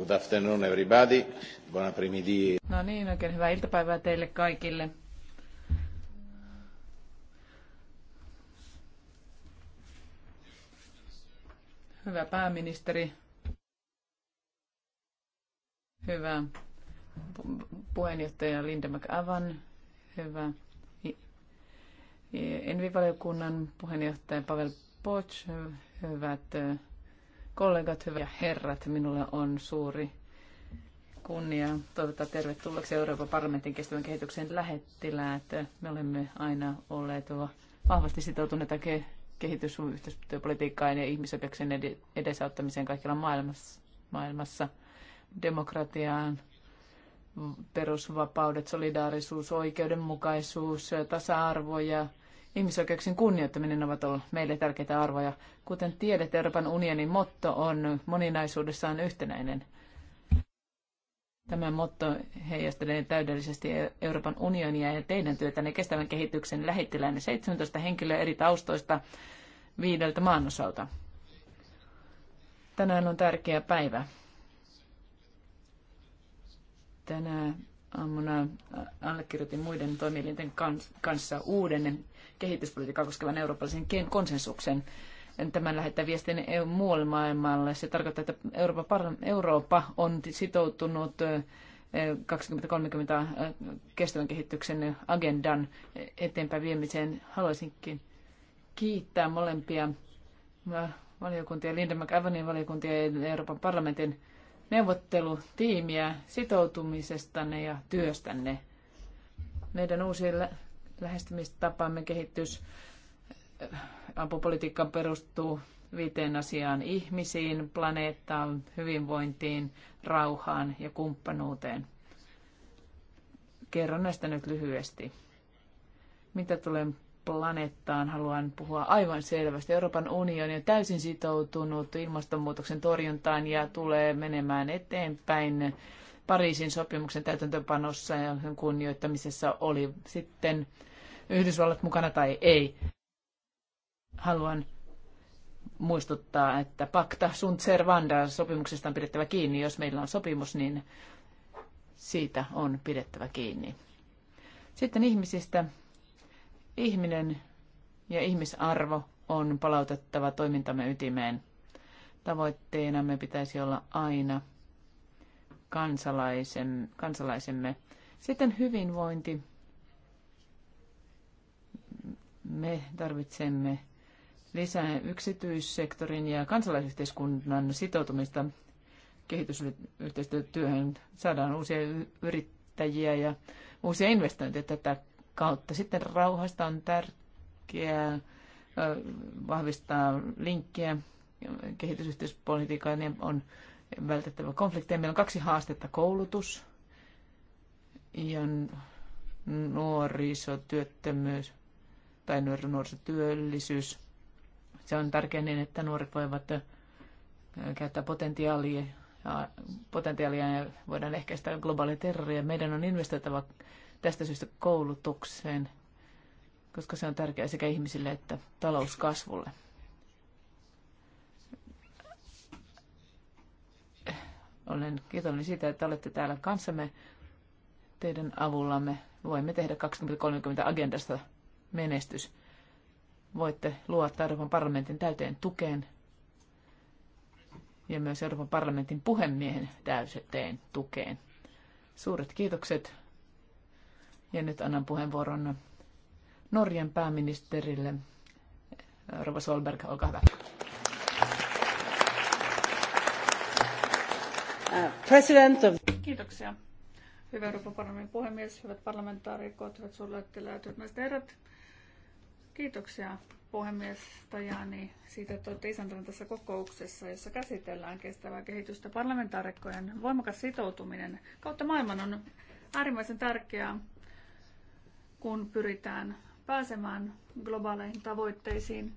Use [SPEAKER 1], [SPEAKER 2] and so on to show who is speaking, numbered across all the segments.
[SPEAKER 1] Good afternoon everybody. Buon après-midi. No niin, oikein hyvää iltapäivää teille kaikille. Hyvä pääministeri. Hyvä puheenjohtaja Linda McAvan. Hyvä Envivaliokunnan puheenjohtaja Pavel Poch. Hyvät kollegat, hyvät ja herrat, minulle on suuri kunnia toivottaa tervetulleeksi Euroopan parlamentin kestävän kehityksen lähettiläät. Me olemme aina olleet vahvasti sitoutuneita ke- kehitysyhteistyöpolitiikkaan ja ihmisoikeuksien ed- edesauttamiseen kaikilla maailmassa, maailmassa demokratiaan, perusvapaudet, solidaarisuus, oikeudenmukaisuus, tasa-arvo ja ihmisoikeuksien kunnioittaminen ovat olleet meille tärkeitä arvoja. Kuten tiedät, Euroopan unionin motto on moninaisuudessaan yhtenäinen. Tämä motto heijastelee täydellisesti Euroopan unionia ja teidän työtänne kestävän kehityksen lähettiläinen 17 henkilöä eri taustoista viideltä maanosalta. Tänään on tärkeä päivä. Tänä aamuna allekirjoitin muiden toimielinten kanssa uuden kehityspolitiikkaa koskevan eurooppalaisen konsensuksen. Tämän lähettää viestin muualle maailmalle. Se tarkoittaa, että Eurooppa, Eurooppa on sitoutunut 2030 kestävän kehityksen agendan eteenpäin viemiseen. Haluaisinkin kiittää molempia valiokuntia, Linda McAvanin valiokuntia ja Euroopan parlamentin neuvottelutiimiä sitoutumisestanne ja työstänne. Meidän uusi lähestymistapamme kehitys äh, apupolitiikka perustuu viiteen asiaan ihmisiin, planeettaan, hyvinvointiin, rauhaan ja kumppanuuteen. Kerron näistä nyt lyhyesti. Mitä tulee planeettaan, haluan puhua aivan selvästi. Euroopan unioni on täysin sitoutunut ilmastonmuutoksen torjuntaan ja tulee menemään eteenpäin Pariisin sopimuksen täytäntöpanossa ja sen kunnioittamisessa oli sitten Yhdysvallat mukana tai ei. Haluan muistuttaa, että pakta sunt servanda sopimuksesta on pidettävä kiinni. Jos meillä on sopimus, niin siitä on pidettävä kiinni. Sitten ihmisistä. Ihminen ja ihmisarvo on palautettava toimintamme ytimeen. Tavoitteenamme pitäisi olla aina kansalaisemme. kansalaisemme. Sitten hyvinvointi. Me tarvitsemme lisää yksityissektorin ja kansalaisyhteiskunnan sitoutumista kehitysyhteistyötyöhön. Saadaan uusia yrittäjiä ja uusia investointeja tätä kautta. Sitten rauhasta on tärkeää vahvistaa linkkiä kehitysyhteispolitiikkaan ja on vältettävä konflikteja. Meillä on kaksi haastetta, koulutus ja nuorisotyöttömyys tai nuorisotyöllisyys. Se on tärkeää niin, että nuoret voivat käyttää potentiaalia ja, potentiaalia ja voidaan ehkäistä globaalia terroria. Meidän on investoitava tästä syystä koulutukseen, koska se on tärkeää sekä ihmisille että talouskasvulle. Olen kiitollinen siitä, että olette täällä kanssamme. Teidän avullamme voimme tehdä 2030 agendasta menestys. Voitte luottaa Euroopan parlamentin täyteen tukeen ja myös Euroopan parlamentin puhemiehen täyteen tukeen. Suuret kiitokset. Ja nyt annan puheenvuoron Norjan pääministerille. Rova Solberg, olkaa hyvä. Uh,
[SPEAKER 2] president of... Kiitoksia. Hyvä Euroopan parlamentin puhemies, hyvät parlamentaarikot, hyvät suurlähettiläät, hyvät naiset herrat. Kiitoksia puhemies Tajani siitä, että olette isäntänä tässä kokouksessa, jossa käsitellään kestävää kehitystä. Parlamentaarikkojen voimakas sitoutuminen kautta maailman on äärimmäisen tärkeää, kun pyritään pääsemään globaaleihin tavoitteisiin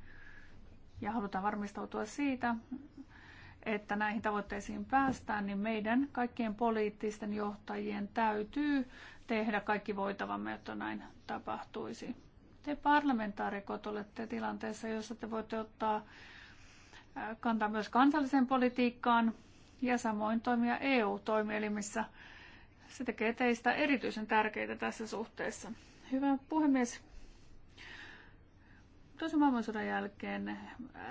[SPEAKER 2] ja halutaan varmistautua siitä, että näihin tavoitteisiin päästään, niin meidän kaikkien poliittisten johtajien täytyy tehdä kaikki voitavamme, jotta näin tapahtuisi te parlamentaarikot olette tilanteessa, jossa te voitte ottaa äh, kantaa myös kansalliseen politiikkaan ja samoin toimia EU-toimielimissä. Se tekee teistä erityisen tärkeitä tässä suhteessa. Hyvä puhemies. Toisen maailmansodan jälkeen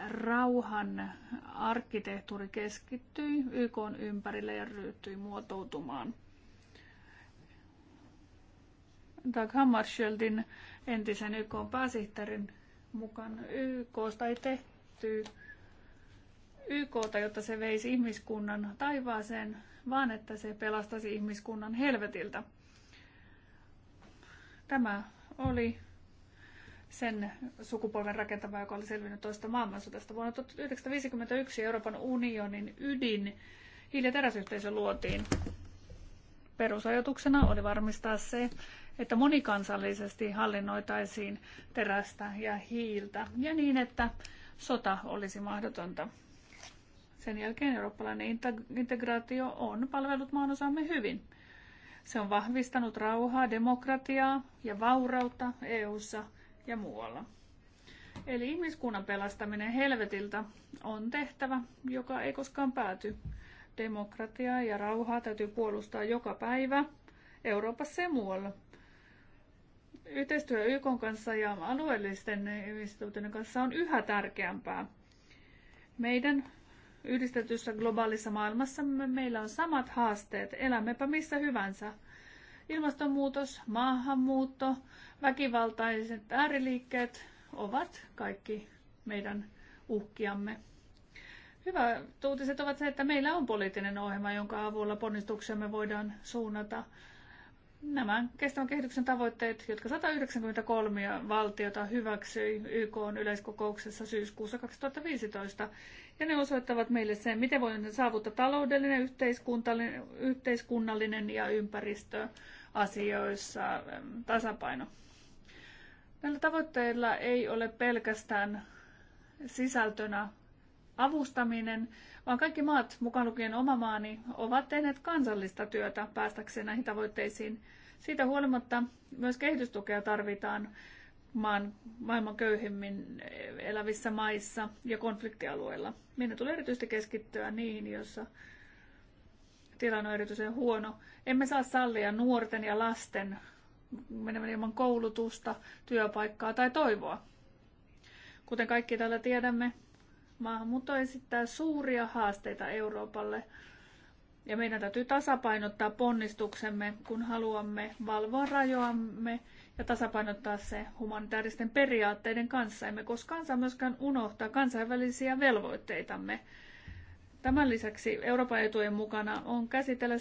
[SPEAKER 2] rauhan arkkitehtuuri keskittyi YK ympärille ja ryhtyi muotoutumaan. Dag Hammarskjöldin entisen YK pääsihteerin mukaan YKsta ei tehty YKta, jotta se veisi ihmiskunnan taivaaseen, vaan että se pelastaisi ihmiskunnan helvetiltä. Tämä oli sen sukupolven rakentama, joka oli selvinnyt toista maailmansodasta. Vuonna 1951 Euroopan unionin ydin hiili- ja teräsyhteisö luotiin. Perusajatuksena oli varmistaa se, että monikansallisesti hallinnoitaisiin terästä ja hiiltä ja niin, että sota olisi mahdotonta. Sen jälkeen eurooppalainen integraatio on palvellut maanosamme hyvin. Se on vahvistanut rauhaa, demokratiaa ja vaurautta EU:ssa ja muualla. Eli ihmiskunnan pelastaminen helvetiltä on tehtävä, joka ei koskaan pääty. Demokratiaa ja rauhaa täytyy puolustaa joka päivä Euroopassa ja muualla. Yhteistyö YK kanssa ja alueellisten instituutioiden kanssa on yhä tärkeämpää. Meidän yhdistetyssä globaalissa maailmassa meillä on samat haasteet, elämmepä missä hyvänsä. Ilmastonmuutos, maahanmuutto, väkivaltaiset ääriliikkeet ovat kaikki meidän uhkiamme. Hyvä uutiset ovat se, että meillä on poliittinen ohjelma, jonka avulla ponnistuksemme voidaan suunnata nämä kestävän kehityksen tavoitteet, jotka 193 valtiota hyväksyi YK yleiskokouksessa syyskuussa 2015. Ja ne osoittavat meille sen, miten voimme saavuttaa taloudellinen, yhteiskunnallinen, yhteiskunnallinen ja ympäristöasioissa ähm, tasapaino. Näillä tavoitteilla ei ole pelkästään sisältönä avustaminen, vaan kaikki maat, mukaan lukien oma maani, ovat tehneet kansallista työtä päästäkseen näihin tavoitteisiin. Siitä huolimatta myös kehitystukea tarvitaan maan, maailman köyhimmin elävissä maissa ja konfliktialueilla. Meidän tulee erityisesti keskittyä niihin, joissa tilanne on erityisen huono. Emme saa sallia nuorten ja lasten menemään ilman koulutusta, työpaikkaa tai toivoa. Kuten kaikki täällä tiedämme, Maahanmuutto esittää suuria haasteita Euroopalle ja meidän täytyy tasapainottaa ponnistuksemme, kun haluamme valvoa rajoamme ja tasapainottaa se humanitaaristen periaatteiden kanssa. Emme koskaan saa myöskään unohtaa kansainvälisiä velvoitteitamme. Tämän lisäksi Euroopan etujen mukana on käsitellä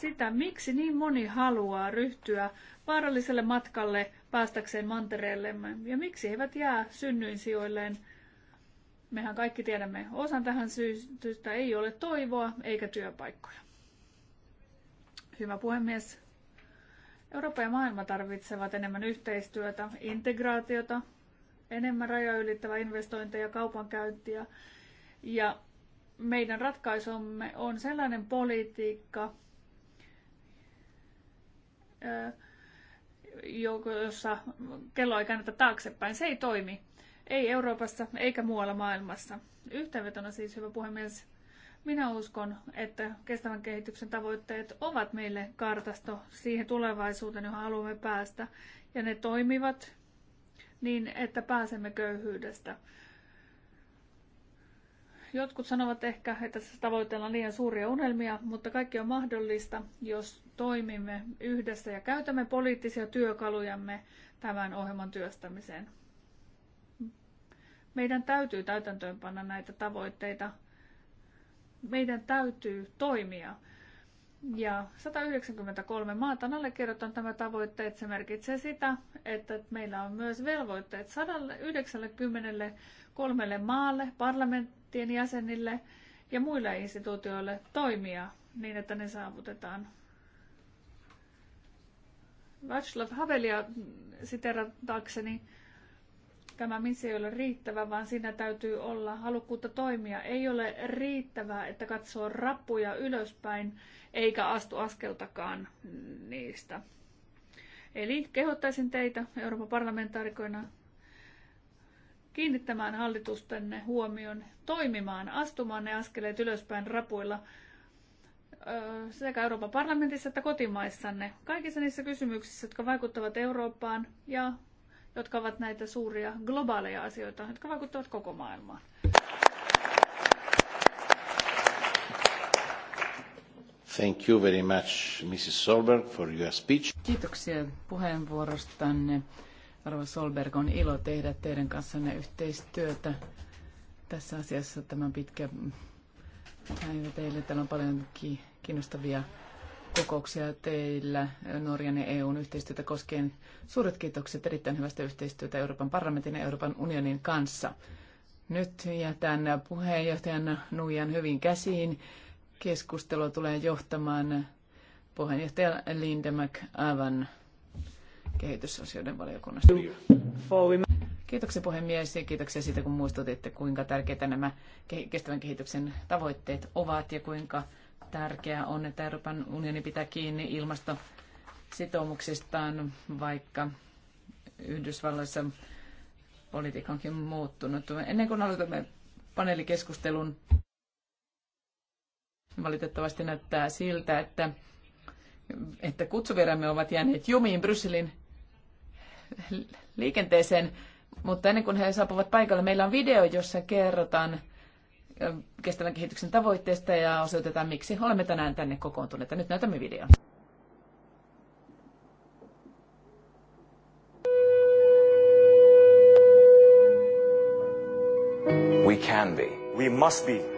[SPEAKER 2] sitä, miksi niin moni haluaa ryhtyä vaaralliselle matkalle päästäkseen mantereellemme ja miksi he eivät jää synnyinsijoilleen sijoilleen Mehän kaikki tiedämme, osan tähän syystä ei ole toivoa eikä työpaikkoja. Hyvä puhemies. Eurooppa ja maailma tarvitsevat enemmän yhteistyötä, integraatiota, enemmän ylittävää investointeja kaupankäyntiä. Ja meidän ratkaisumme on sellainen politiikka, jossa kello ei kannata taaksepäin. Se ei toimi ei Euroopassa eikä muualla maailmassa. Yhteenvetona siis, hyvä puhemies, minä uskon, että kestävän kehityksen tavoitteet ovat meille kartasto siihen tulevaisuuteen, johon haluamme päästä. Ja ne toimivat niin, että pääsemme köyhyydestä. Jotkut sanovat ehkä, että tässä tavoitellaan liian suuria unelmia, mutta kaikki on mahdollista, jos toimimme yhdessä ja käytämme poliittisia työkalujamme tämän ohjelman työstämiseen. Meidän täytyy täytäntöönpanna näitä tavoitteita. Meidän täytyy toimia. Ja 193 maata on allekirjoittanut tämä tavoitteet. Se merkitsee sitä, että meillä on myös velvoitteet 193 maalle, parlamenttien jäsenille ja muille instituutioille toimia niin, että ne saavutetaan. Václav Havelia siterataakseni Tämä missio ei ole riittävä, vaan siinä täytyy olla halukkuutta toimia. Ei ole riittävää, että katsoo rappuja ylöspäin eikä astu askeltakaan niistä. Eli kehottaisin teitä Euroopan parlamentaarikoina kiinnittämään hallitustenne huomion, toimimaan, astumaan ne askeleet ylöspäin rapuilla sekä Euroopan parlamentissa että kotimaissanne, kaikissa niissä kysymyksissä, jotka vaikuttavat Eurooppaan ja jotka ovat näitä suuria globaaleja asioita, jotka vaikuttavat koko maailmaan. Thank you very much, Mrs. Solberg, for your speech.
[SPEAKER 1] Kiitoksia puheenvuorostanne. Arvo Solberg, on ilo tehdä teidän kanssanne yhteistyötä tässä asiassa tämän pitkä päivä teille. Täällä on paljon kiinnostavia kokouksia teillä Norjan ja EUn yhteistyötä koskien. Suuret kiitokset erittäin hyvästä yhteistyötä Euroopan parlamentin ja Euroopan unionin kanssa. Nyt jätän puheenjohtajan Nuijan hyvin käsiin. Keskustelu tulee johtamaan puheenjohtaja Linda McAvan kehitysasioiden valiokunnasta. Kiitoksia puhemies ja kiitoksia siitä, kun muistutitte, kuinka tärkeitä nämä kestävän kehityksen tavoitteet ovat ja kuinka Tärkeää on, että Euroopan unioni pitää kiinni ilmastositoumuksistaan, vaikka Yhdysvalloissa politiikka onkin muuttunut. Ennen kuin aloitamme paneelikeskustelun, valitettavasti näyttää siltä, että, että kutsuvieramme ovat jääneet jumiin Brysselin liikenteeseen, mutta ennen kuin he saapuvat paikalle, meillä on video, jossa kerrotaan kestävän kehityksen tavoitteista ja osoitetaan, miksi olemme tänään tänne kokoontuneet. Nyt näytämme videon.
[SPEAKER 3] We can be. We must be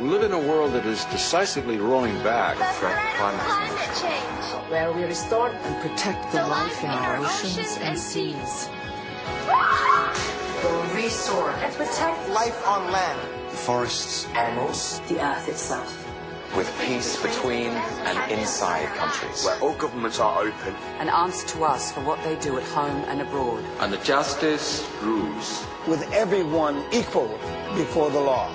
[SPEAKER 3] live in a world that is decisively rolling back. Threat climate. climate change. Where we restore and protect the, the life in our oceans, oceans and seas. The resource and protect life on land.
[SPEAKER 2] The forests. Animals. The earth itself.
[SPEAKER 3] With peace between and inside countries. Where all governments are open.
[SPEAKER 2] And answer to us for what they do at home and abroad.
[SPEAKER 3] And the justice rules.
[SPEAKER 2] With everyone equal before the law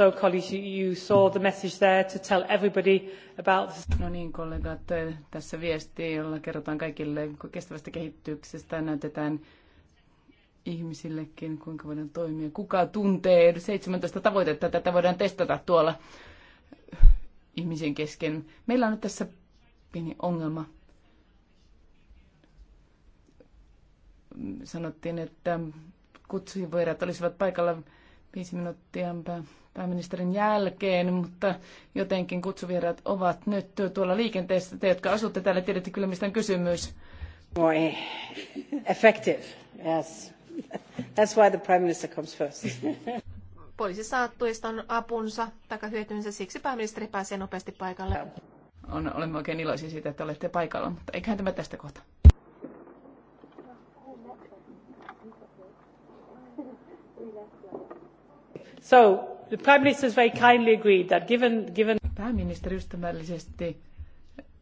[SPEAKER 2] So colleagues,
[SPEAKER 1] you saw the message there to tell everybody about... No niin kollegat, tässä viesti, jolla kerrotaan kaikille kestävästä kehityksestä, näytetään ihmisillekin, kuinka voidaan toimia. Kuka tuntee 17 tavoitetta, tätä voidaan testata tuolla ihmisen kesken. Meillä on nyt tässä pieni ongelma. Sanottiin, että kutsujen olisivat paikalla viisi minuuttia pääministerin jälkeen, mutta jotenkin kutsuvieraat ovat nyt tuolla liikenteessä. Te, jotka asutte täällä, tiedätte kyllä, mistä on kysymys. E- effective, yes. That's why the prime minister comes first.
[SPEAKER 3] Poliisi saa tuiston apunsa tai hyötynsä, siksi pääministeri pääsee nopeasti paikalle.
[SPEAKER 1] On, olemme oikein iloisia siitä, että olette paikalla, mutta eiköhän tämä tästä kohta. So, the Prime Minister very kindly agreed that given, given... Pääministeri ystävällisesti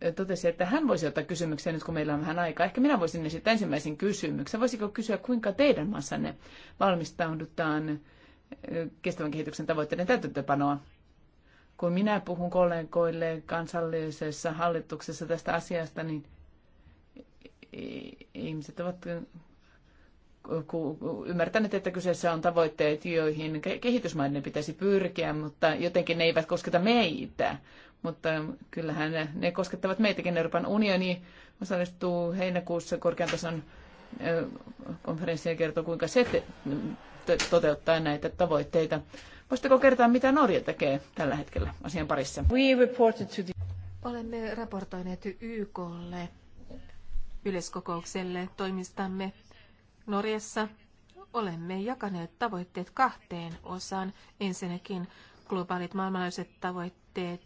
[SPEAKER 1] eh, totesi, että hän voisi ottaa kysymyksiä nyt, kun meillä on vähän aikaa. Ehkä minä voisin esittää ensimmäisen kysymyksen. Voisiko kysyä, kuinka teidän maassanne valmistaudutaan eh, kestävän kehityksen tavoitteiden täytäntöpanoa? Kun minä puhun kollegoille kansallisessa hallituksessa tästä asiasta, niin ihmiset ovat ymmärtänyt, että kyseessä on tavoitteet, joihin kehitysmaiden pitäisi pyrkiä, mutta jotenkin ne eivät kosketa meitä. Mutta kyllähän ne, ne koskettavat meitäkin. Euroopan unioni osallistuu heinäkuussa korkean tason konferenssiin ja kertoo, kuinka se te, te, toteuttaa näitä tavoitteita. Voisitteko kertoa, mitä Norja tekee tällä hetkellä asian parissa?
[SPEAKER 3] We reported to the... Olemme raportoineet YKlle yleiskokoukselle toimistamme Norjassa olemme jakaneet tavoitteet kahteen osaan. Ensinnäkin globaalit maailmanlaajuiset tavoitteet,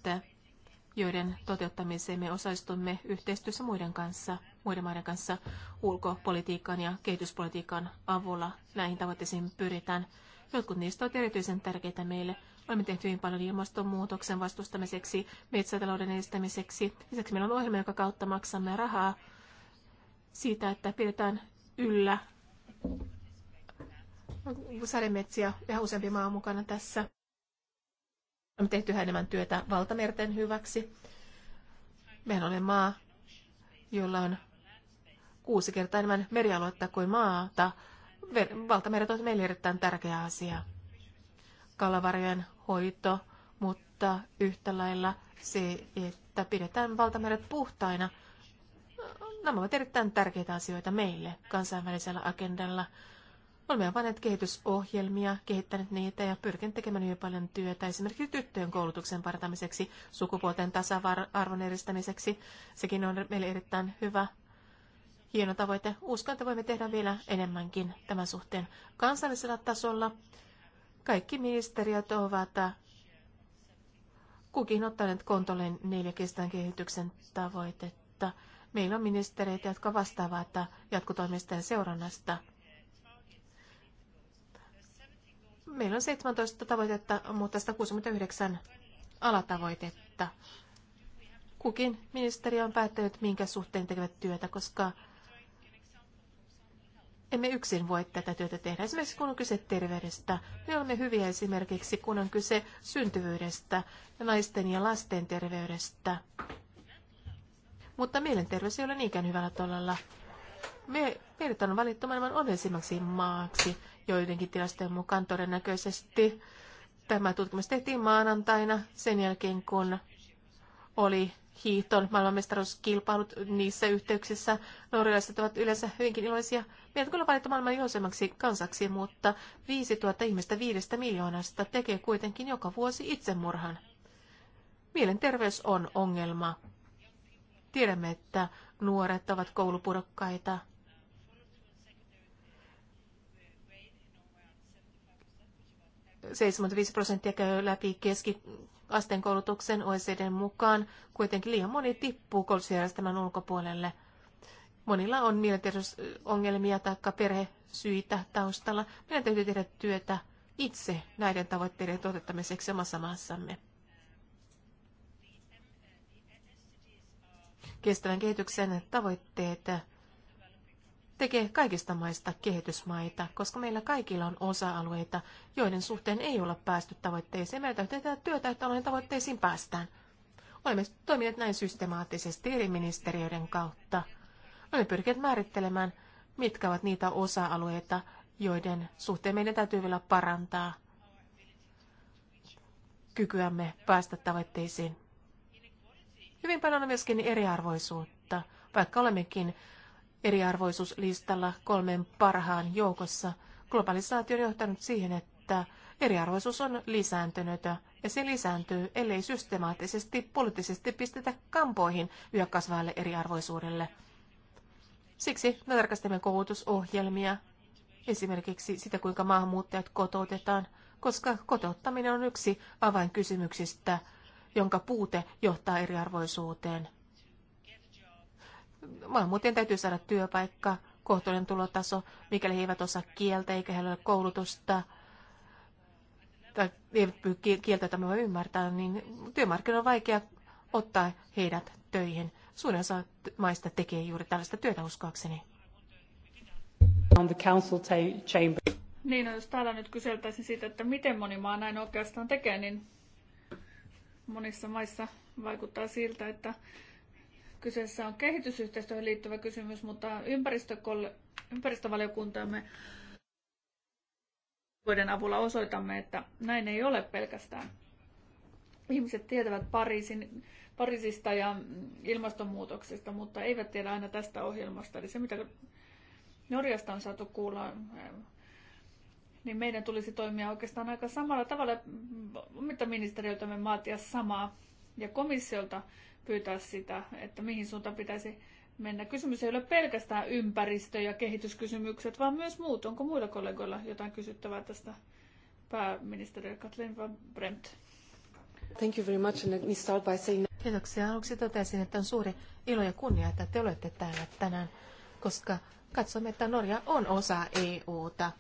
[SPEAKER 3] joiden toteuttamiseen me osallistumme yhteistyössä muiden kanssa, muiden maiden kanssa ulkopolitiikan ja kehityspolitiikan avulla. Näihin tavoitteisiin pyritään. Jotkut niistä ovat erityisen tärkeitä meille. Olemme tehneet hyvin paljon ilmastonmuutoksen vastustamiseksi, metsätalouden edistämiseksi. Lisäksi meillä on ohjelma, joka kautta maksamme rahaa siitä, että pidetään yllä sademetsiä ja useampi maa on mukana tässä. On tehty enemmän työtä valtamerten hyväksi. Meillä on maa, jolla on kuusi kertaa enemmän merialuetta kuin maata. valtameret ovat meille erittäin tärkeä asia. Kalavarjojen hoito, mutta yhtä lailla se, että pidetään valtameret puhtaina – Nämä ovat erittäin tärkeitä asioita meille kansainvälisellä agendalla. Olemme avanneet kehitysohjelmia, kehittäneet niitä ja pyrkineet tekemään hyvin paljon työtä esimerkiksi tyttöjen koulutuksen parantamiseksi, sukupuolten tasa-arvon edistämiseksi. Sekin on meille erittäin hyvä hieno tavoite. Uskon, että voimme tehdä vielä enemmänkin tämän suhteen. Kansallisella tasolla kaikki ministeriöt ovat kukin ottaneet kontolleen neljä kestävän kehityksen tavoitetta. Meillä on ministereitä, jotka vastaavat jatkotoimista ja seurannasta. Meillä on 17 tavoitetta, mutta 169 alatavoitetta. Kukin ministeri on päättänyt, minkä suhteen tekevät työtä, koska emme yksin voi tätä työtä tehdä. Esimerkiksi kun on kyse terveydestä, me olemme hyviä esimerkiksi kun on kyse syntyvyydestä ja naisten ja lasten terveydestä. Mutta mielenterveys ei ole niinkään hyvällä tolalla. Me, meidät on valittu maailman onnellisimmaksi maaksi, joidenkin tilastojen mukaan todennäköisesti. Tämä tutkimus tehtiin maanantaina sen jälkeen, kun oli hiihton maailmanmestaruuskilpailut niissä yhteyksissä. Norjalaiset ovat yleensä hyvinkin iloisia. Meidät kyllä valittu maailman iloisemmaksi kansaksi, mutta 5000 ihmistä viidestä miljoonasta tekee kuitenkin joka vuosi itsemurhan. Mielenterveys on ongelma. Tiedämme, että nuoret ovat koulupudokkaita. Seitsemänkymmentäviisi prosenttia käy läpi keskiasteen koulutuksen OECDn mukaan. Kuitenkin liian moni tippuu koulutusjärjestelmän ulkopuolelle. Monilla on mielenterveysongelmia tai perhesyitä taustalla. Meidän täytyy tehdä työtä itse näiden tavoitteiden toteuttamiseksi omassa maassamme. kestävän kehityksen tavoitteet tekee kaikista maista kehitysmaita, koska meillä kaikilla on osa-alueita, joiden suhteen ei olla päästy tavoitteisiin. Meidän täytyy tehdä työtä, että alueen tavoitteisiin päästään. Olemme toimineet näin systemaattisesti eri ministeriöiden kautta. Olemme pyrkineet määrittelemään, mitkä ovat niitä osa-alueita, joiden suhteen meidän täytyy vielä parantaa kykyämme päästä tavoitteisiin. Hyvin paljon on myöskin eriarvoisuutta, vaikka olemmekin eriarvoisuuslistalla kolmen parhaan joukossa. Globalisaatio on johtanut siihen, että eriarvoisuus on lisääntynyt ja se lisääntyy, ellei systemaattisesti poliittisesti pistetä kampoihin yhä kasvaalle eriarvoisuudelle. Siksi me tarkastamme koulutusohjelmia, esimerkiksi sitä, kuinka maahanmuuttajat kotoutetaan, koska kotouttaminen on yksi avainkysymyksistä – jonka puute johtaa eriarvoisuuteen. Maahanmuuttajien täytyy saada työpaikka, kohtuullinen tulotaso, mikäli he eivät osaa kieltä eikä heillä ole koulutusta tai eivät pyy kieltä voi ymmärtää, niin työmarkkinoilla on vaikea ottaa heidät töihin. Suurin osa maista tekee juuri tällaista työtä uskoakseni.
[SPEAKER 2] On the council chamber. Niin, no, jos täällä nyt kyseltäisiin siitä, että miten moni maa näin oikeastaan tekee, niin monissa maissa vaikuttaa siltä, että kyseessä on kehitysyhteistyöhön liittyvä kysymys, mutta ympäristövaliokuntamme vuoden avulla osoitamme, että näin ei ole pelkästään. Ihmiset tietävät Pariisin, Pariisista ja ilmastonmuutoksesta, mutta eivät tiedä aina tästä ohjelmasta. Eli se, mitä Norjasta on saatu kuulla, niin meidän tulisi toimia oikeastaan aika samalla tavalla, mitä me maatia samaa ja komissiolta pyytää sitä, että mihin suuntaan pitäisi mennä. Kysymys ei ole pelkästään ympäristö- ja kehityskysymykset, vaan myös muut. Onko muilla kollegoilla jotain kysyttävää tästä pääministeri Katlin van Bremt?
[SPEAKER 3] Thank you very much. Let me start by saying... Kiitoksia. Aluksi totesin, että on suuri ilo ja kunnia, että te olette täällä tänään, koska katsomme, että Norja on osa EUta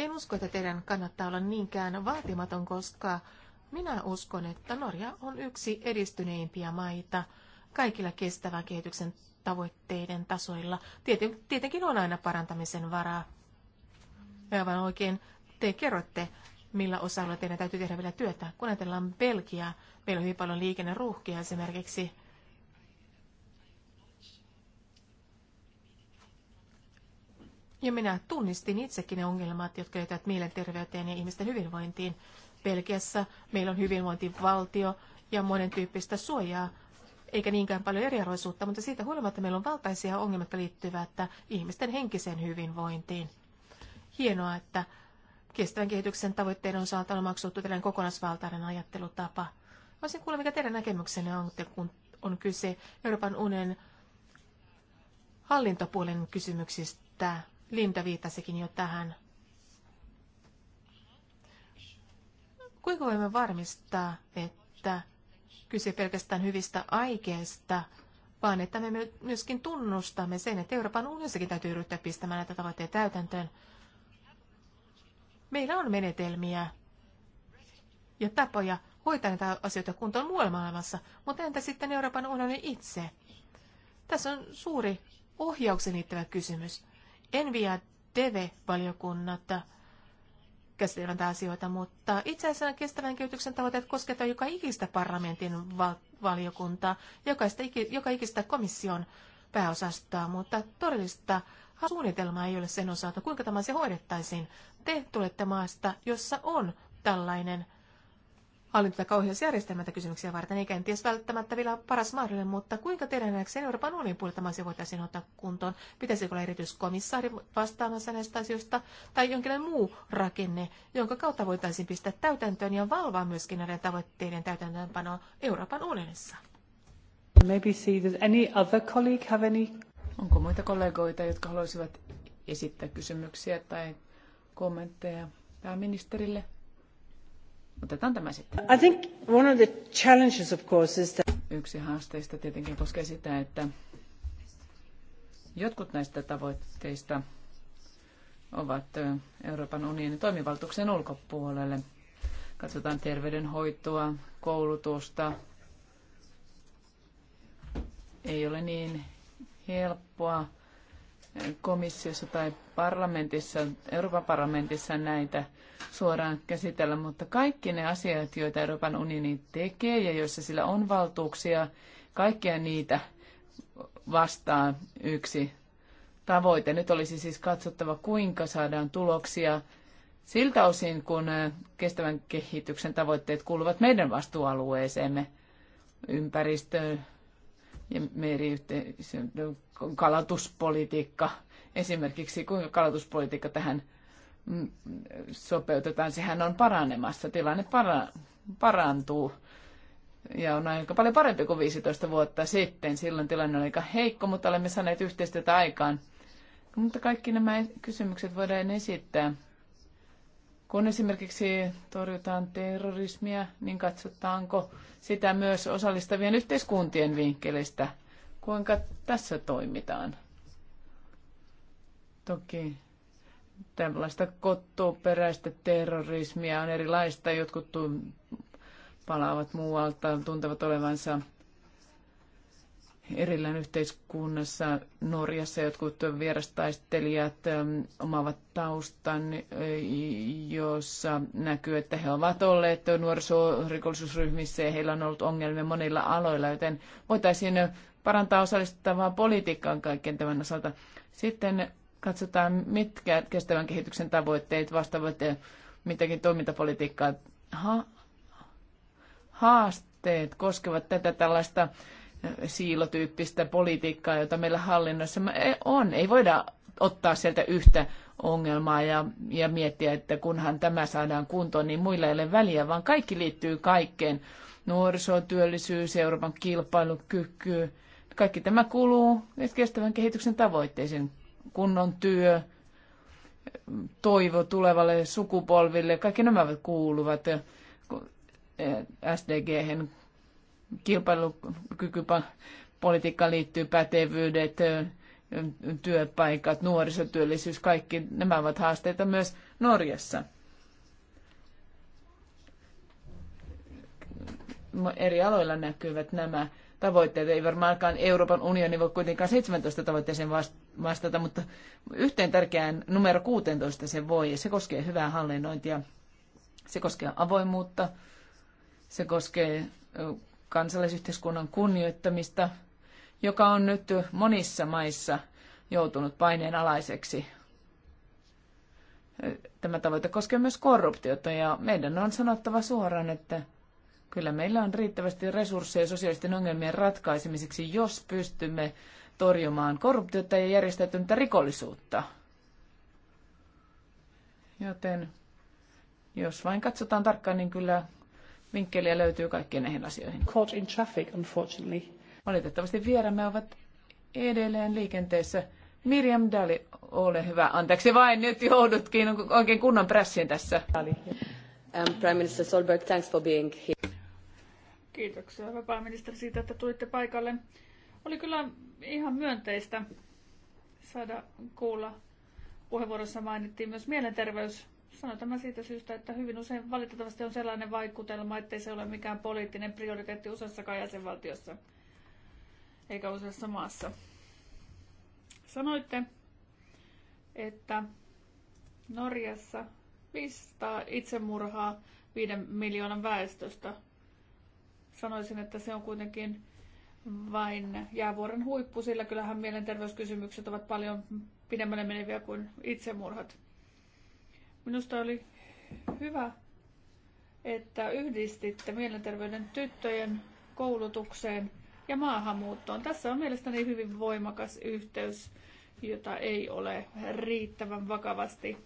[SPEAKER 3] en usko, että teidän kannattaa olla niinkään vaatimaton, koska minä uskon, että Norja on yksi edistyneimpiä maita kaikilla kestävän kehityksen tavoitteiden tasoilla. Tieten, tietenkin on aina parantamisen varaa. Aivan oikein te kerrotte, millä osalla teidän täytyy tehdä vielä työtä. Kun ajatellaan Belgiaa, meillä on hyvin paljon liikenneruuhkia esimerkiksi. Ja minä tunnistin itsekin ne ongelmat, jotka liittyvät mielenterveyteen ja ihmisten hyvinvointiin. Pelkiässä meillä on hyvinvointivaltio ja monen tyyppistä suojaa, eikä niinkään paljon eriarvoisuutta, mutta siitä huolimatta meillä on valtaisia ongelmia, jotka liittyvät ihmisten henkiseen hyvinvointiin. Hienoa, että kestävän kehityksen tavoitteiden osalta on maksuttu tällainen kokonaisvaltainen ajattelutapa. Voisin kuulla, mikä teidän näkemyksenne on, kun on kyse Euroopan unen hallintopuolen kysymyksistä Linda viittasikin jo tähän. Kuinka voimme varmistaa, että kyse pelkästään hyvistä aikeista, vaan että me myöskin tunnustamme sen, että Euroopan unionissakin täytyy yrittää pistämään näitä tavoitteita täytäntöön. Meillä on menetelmiä ja tapoja hoitaa näitä asioita kuntoon muualla maailmassa, mutta entä sitten Euroopan unioni itse? Tässä on suuri ohjauksen liittyvä kysymys. Envi ja DEVE-valiokunnat käsittelevät asioita, mutta itse asiassa kestävän kehityksen tavoitteet koskevat joka ikistä parlamentin val- valiokuntaa, jokaista, joka ikistä komission pääosastaa, mutta todellista suunnitelmaa ei ole sen osalta, kuinka tämä se hoidettaisiin. Te tulette maasta, jossa on tällainen hallinto- tai kauheusjärjestelmätä kysymyksiä varten, eikä enties välttämättä vielä paras mahdollinen, mutta kuinka teidän näkseen Euroopan unionin puolelta tämä voitaisiin ottaa kuntoon? Pitäisikö olla erityiskomissaari vastaamassa näistä asioista tai jonkinlainen muu rakenne, jonka kautta voitaisiin pistää täytäntöön ja valvoa myöskin näiden tavoitteiden täytäntöönpanoa Euroopan
[SPEAKER 2] unionissa? Maybe see, does any other colleague
[SPEAKER 1] have any... Onko muita kollegoita, jotka haluaisivat esittää kysymyksiä tai kommentteja pääministerille? Otetaan tämä sitten. I think one of the challenges of course is that... Yksi haasteista tietenkin koskee sitä, että jotkut näistä tavoitteista ovat Euroopan unionin toimivaltuuksien ulkopuolelle. Katsotaan terveydenhoitoa, koulutusta. Ei ole niin helppoa komissiossa tai parlamentissa, Euroopan parlamentissa näitä suoraan käsitellä, mutta kaikki ne asiat, joita Euroopan unioni tekee ja joissa sillä on valtuuksia, kaikkia niitä vastaan yksi tavoite. Nyt olisi siis katsottava, kuinka saadaan tuloksia siltä osin, kun kestävän kehityksen tavoitteet kuuluvat meidän vastuualueeseemme ympäristö, ja meriyhteisön kalatuspolitiikka. esimerkiksi, kuinka kalatuspolitiikka tähän mm, sopeutetaan, sehän on paranemassa. Tilanne para, parantuu ja on aika paljon parempi kuin 15 vuotta sitten. Silloin tilanne oli aika heikko, mutta olemme saaneet yhteistyötä aikaan. Mutta kaikki nämä kysymykset voidaan esittää kun esimerkiksi torjutaan terrorismia, niin katsotaanko sitä myös osallistavien yhteiskuntien vinkkelistä, kuinka tässä toimitaan. Toki tällaista kottoperäistä terrorismia on erilaista. Jotkut palaavat muualta, tuntevat olevansa erillään yhteiskunnassa. Norjassa jotkut vierastaistelijat ähm, omaavat taustan, äh, jossa näkyy, että he ovat olleet nuorisorikollisuusryhmissä ja heillä on ollut ongelmia monilla aloilla, joten voitaisiin parantaa osallistavaa politiikkaa kaiken tämän osalta. Sitten katsotaan, mitkä kestävän kehityksen tavoitteet vastaavat äh, mitäkin toimintapolitiikkaa. Ha- haasteet koskevat tätä tällaista siilotyyppistä politiikkaa, jota meillä hallinnossa e- on. Ei voida ottaa sieltä yhtä ongelmaa ja, ja miettiä, että kunhan tämä saadaan kuntoon, niin muilla ei ole väliä, vaan kaikki liittyy kaikkeen. Nuorisotyöllisyys, Euroopan kilpailukyky, kaikki tämä kuluu kestävän kehityksen tavoitteisiin. Kunnon työ, toivo tulevalle sukupolville, kaikki nämä kuuluvat eh, SDG kilpailukykypolitiikkaan liittyy pätevyydet, työpaikat, nuorisotyöllisyys, kaikki nämä ovat haasteita myös Norjassa. Eri aloilla näkyvät nämä tavoitteet. Ei varmaankaan Euroopan unioni voi kuitenkaan 17 tavoitteeseen vastata, mutta yhteen tärkeään numero 16 se voi. Se koskee hyvää hallinnointia, se koskee avoimuutta, se koskee kansalaisyhteiskunnan kunnioittamista, joka on nyt monissa maissa joutunut paineen alaiseksi. Tämä tavoite koskee myös korruptiota ja meidän on sanottava suoraan, että kyllä meillä on riittävästi resursseja sosiaalisten ongelmien ratkaisemiseksi, jos pystymme torjumaan korruptiota ja järjestäytymistä rikollisuutta. Joten jos vain katsotaan tarkkaan, niin kyllä vinkkeliä löytyy kaikkiin näihin asioihin. Caught in traffic, unfortunately. Valitettavasti vieramme ovat edelleen liikenteessä. Miriam Dali, ole hyvä. Anteeksi vain, nyt joudutkin oikein kunnon prässiin tässä. Dali. Um, Prime Minister Solberg, thanks for being here.
[SPEAKER 2] Kiitoksia, hyvä pääministeri, siitä, että tulitte paikalle. Oli kyllä ihan myönteistä saada kuulla. Puheenvuorossa mainittiin myös mielenterveys Sanon tämä siitä syystä, että hyvin usein valitettavasti on sellainen vaikutelma, ettei se ole mikään poliittinen prioriteetti useassakaan jäsenvaltiossa eikä useassa maassa. Sanoitte, että Norjassa 500 itsemurhaa 5 miljoonan väestöstä. Sanoisin, että se on kuitenkin vain jäävuoren huippu, sillä kyllähän mielenterveyskysymykset ovat paljon pidemmälle meneviä kuin itsemurhat. Minusta oli hyvä, että yhdistitte mielenterveyden tyttöjen koulutukseen ja maahanmuuttoon. Tässä on mielestäni hyvin voimakas yhteys, jota ei ole riittävän vakavasti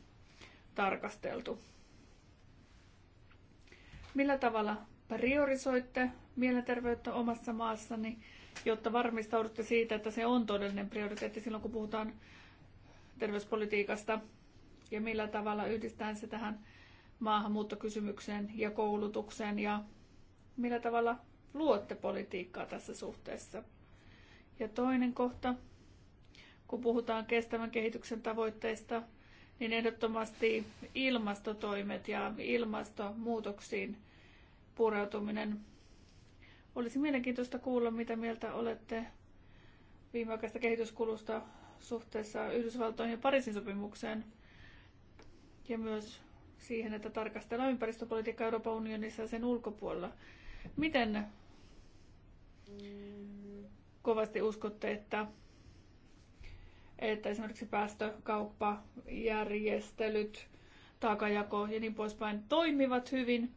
[SPEAKER 2] tarkasteltu. Millä tavalla priorisoitte mielenterveyttä omassa maassani, jotta varmistaudutte siitä, että se on todellinen prioriteetti silloin, kun puhutaan terveyspolitiikasta – ja millä tavalla yhdistetään se tähän maahanmuuttokysymykseen ja koulutukseen ja millä tavalla luotte politiikkaa tässä suhteessa. Ja toinen kohta, kun puhutaan kestävän kehityksen tavoitteista, niin ehdottomasti ilmastotoimet ja ilmastonmuutoksiin pureutuminen. Olisi mielenkiintoista kuulla, mitä mieltä olette viimeaikaista kehityskulusta suhteessa Yhdysvaltoihin ja Pariisin sopimukseen – ja myös siihen, että tarkastellaan ympäristöpolitiikkaa Euroopan unionissa ja sen ulkopuolella. Miten kovasti uskotte, että, että esimerkiksi päästökauppajärjestelyt, taakajako ja niin poispäin toimivat hyvin?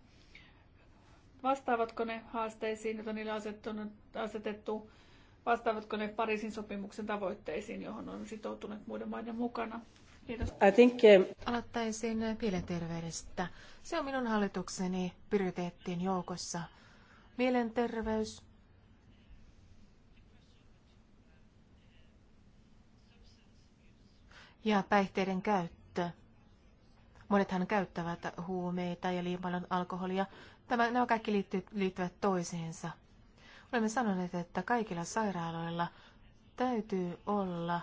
[SPEAKER 2] Vastaavatko ne haasteisiin, joita niille on asetettu? Vastaavatko ne Pariisin sopimuksen tavoitteisiin, johon on sitoutunut muiden maiden mukana? Kiitos.
[SPEAKER 3] I think, um... Aloittaisin mielenterveydestä. Se on minun hallitukseni prioriteettien joukossa. Mielenterveys, ja päihteiden käyttö. Monethan käyttävät huumeita ja liian paljon alkoholia. Tämä, nämä kaikki liittyy, liittyvät toisiinsa. Olemme sanoneet, että kaikilla sairaaloilla täytyy olla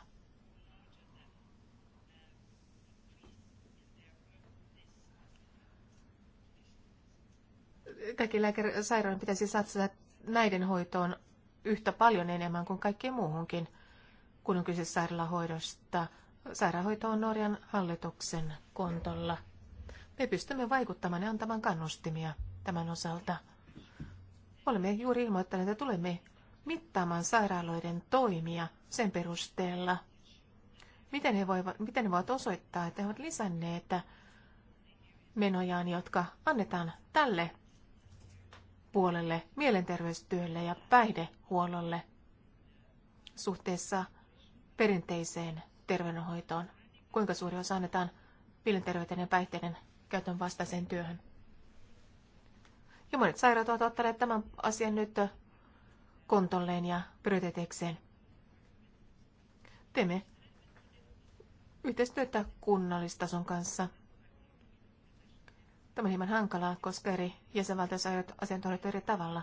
[SPEAKER 3] kaikki lääkärisairaan pitäisi satsata näiden hoitoon yhtä paljon enemmän kuin kaikkeen muuhunkin, kun on kyse sairaalahoidosta. Sairaanhoito on Norjan hallituksen kontolla. Me pystymme vaikuttamaan ja antamaan kannustimia tämän osalta. Olemme juuri ilmoittaneet, että tulemme mittaamaan sairaaloiden toimia sen perusteella, miten he voivat, miten he voivat osoittaa, että he ovat lisänneet menojaan, jotka annetaan tälle puolelle, mielenterveystyölle ja päihdehuollolle suhteessa perinteiseen terveydenhoitoon? Kuinka suuri osa annetaan mielenterveyden ja päihteiden käytön vastaiseen työhön? Ja monet sairaat ovat ottaneet tämän asian nyt kontolleen ja prioriteeteikseen. Teemme yhteistyötä kunnallistason kanssa Tämä on hieman hankalaa, koska eri jäsenvaltioissa asentoidut eri tavalla,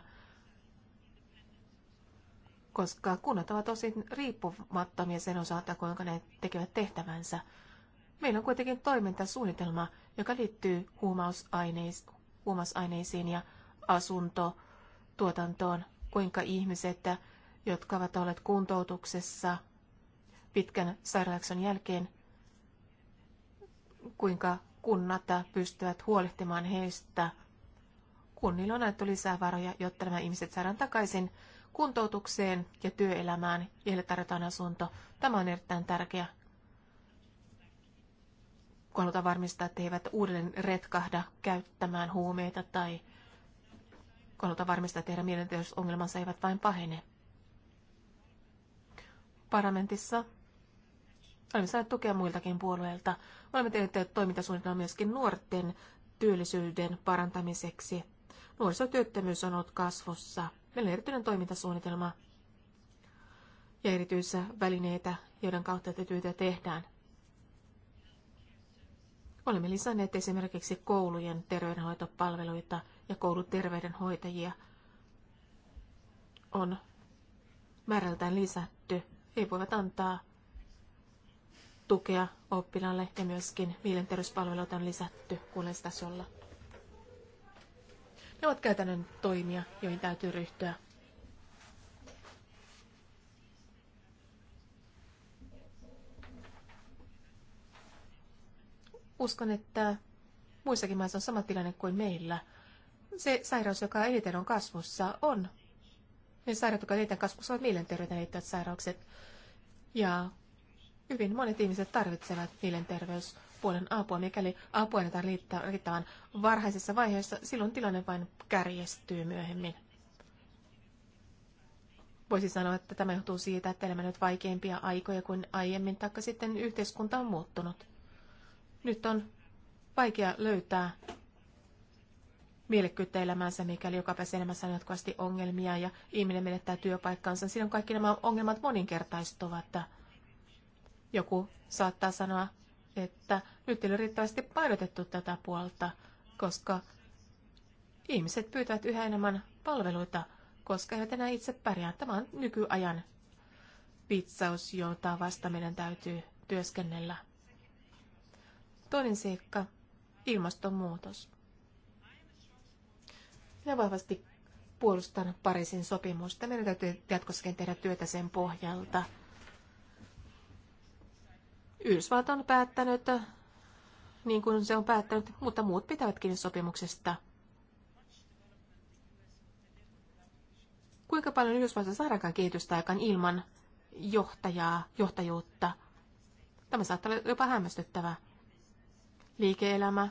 [SPEAKER 3] koska kunnat ovat osin riippumattomia sen osalta, kuinka ne tekevät tehtävänsä. Meillä on kuitenkin toimintasuunnitelma, joka liittyy huumausaineisiin ja asuntotuotantoon, kuinka ihmiset, jotka ovat olleet kuntoutuksessa pitkän sairaalakson jälkeen, kuinka kunnat pystyvät huolehtimaan heistä. Kunnilla on annettu lisää varoja, jotta nämä ihmiset saadaan takaisin kuntoutukseen ja työelämään, ja heille tarjotaan asunto. Tämä on erittäin tärkeä kun halutaan varmistaa, että he eivät uudelleen retkahda käyttämään huumeita tai kun halutaan varmistaa, että heidän mielenterveysongelmansa eivät vain pahene. Parlamentissa Olemme saaneet tukea muiltakin puolueilta. Olemme tehneet toimintasuunnitelmaa myöskin nuorten työllisyyden parantamiseksi. Nuorisotyöttömyys on ollut kasvussa. Meillä on erityinen toimintasuunnitelma ja erityisiä välineitä, joiden kautta tätä työtä tehdään. Olemme lisänneet esimerkiksi koulujen terveydenhoitopalveluita ja kouluterveydenhoitajia on määrältään lisätty. He voivat antaa tukea oppilaalle ja myöskin mielenterveyspalveluita on lisätty kunnallistasolla. Ne ovat käytännön toimia, joihin täytyy ryhtyä. Uskon, että muissakin maissa on sama tilanne kuin meillä. Se sairaus, joka eniten on kasvussa, on ne sairaudet, jotka eniten kasvussa ovat mielenterveyteen liittyvät sairaukset. Ja Hyvin monet ihmiset tarvitsevat mielenterveyspuolen apua. Mikäli apua annetaan riittävän varhaisessa vaiheessa, silloin tilanne vain kärjestyy myöhemmin. Voisi sanoa, että tämä johtuu siitä, että elämme nyt vaikeimpia aikoja kuin aiemmin, taikka sitten yhteiskunta on muuttunut. Nyt on vaikea löytää mielekkyyttä elämäänsä, mikäli joka pääsee elämässä on jatkuvasti ongelmia ja ihminen menettää työpaikkansa. Silloin kaikki nämä ongelmat moninkertaistuvat. Joku saattaa sanoa, että nyt ei ole riittävästi painotettu tätä puolta, koska ihmiset pyytävät yhä enemmän palveluita, koska eivät enää itse pärjää. Tämä on nykyajan vitsaus, jota vasta meidän täytyy työskennellä. Toinen seikka, ilmastonmuutos. Minä vahvasti puolustan Pariisin sopimusta. Meidän täytyy jatkossakin tehdä työtä sen pohjalta – Yhdysvallat on päättänyt, niin kuin se on päättänyt, mutta muut pitävät kiinni sopimuksesta. Kuinka paljon Yhdysvallat saadaankaan kehitystä aikaan ilman johtajaa, johtajuutta? Tämä saattaa olla jopa hämmästyttävä. Liike-elämä,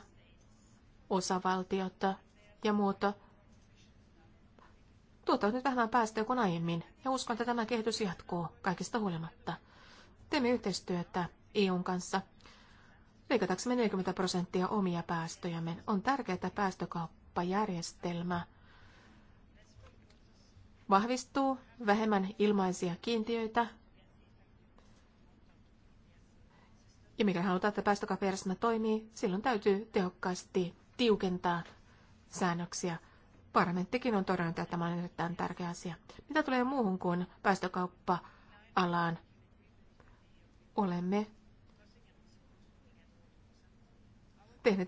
[SPEAKER 3] osavaltiot ja muuta tuottavat nyt vähän päästöjä kuin aiemmin, ja uskon, että tämä kehitys jatkuu kaikista huolimatta. Teemme yhteistyötä EUn kanssa. Leikataksemme 40 prosenttia omia päästöjämme on tärkeää, että päästökauppajärjestelmä vahvistuu, vähemmän ilmaisia kiintiöitä. Ja mikä halutaan, että päästökauppajärjestelmä toimii, silloin täytyy tehokkaasti tiukentaa säännöksiä. Parlamenttikin on todennut, että tämä on erittäin tärkeä asia. Mitä tulee muuhun kuin päästökauppa-alaan? Olemme tehneet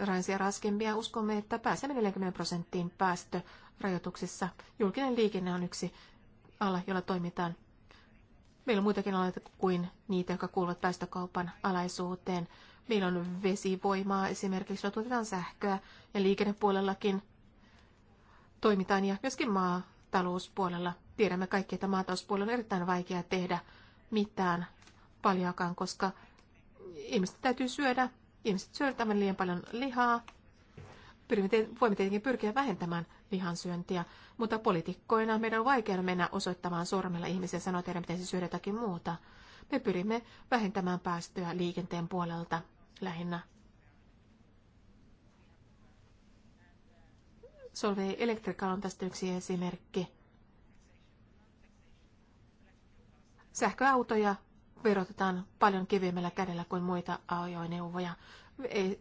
[SPEAKER 3] erilaisia raskempia. Uskomme, että pääsemme 40 prosenttiin päästörajoituksissa. Julkinen liikenne on yksi ala, jolla toimitaan. Meillä on muitakin aloita kuin niitä, jotka kuuluvat päästökaupan alaisuuteen. Meillä on vesivoimaa esimerkiksi, jolla tuotetaan sähköä ja liikennepuolellakin toimitaan ja myöskin maatalouspuolella. Tiedämme kaikki, että maatalouspuolella on erittäin vaikea tehdä mitään paljakaan, koska ihmiset täytyy syödä Ihmiset syövät tämän liian paljon lihaa. Pyrimme te- voimme tietenkin pyrkiä vähentämään lihansyöntiä, mutta poliitikkoina meidän on vaikea mennä osoittamaan sormella ihmisiä ja sanoa, että teidän pitäisi syödä jotakin muuta. Me pyrimme vähentämään päästöjä liikenteen puolelta lähinnä. Solvei Electrical on tästä yksi esimerkki. Sähköautoja verotetaan paljon kevyemmällä kädellä kuin muita ajoneuvoja.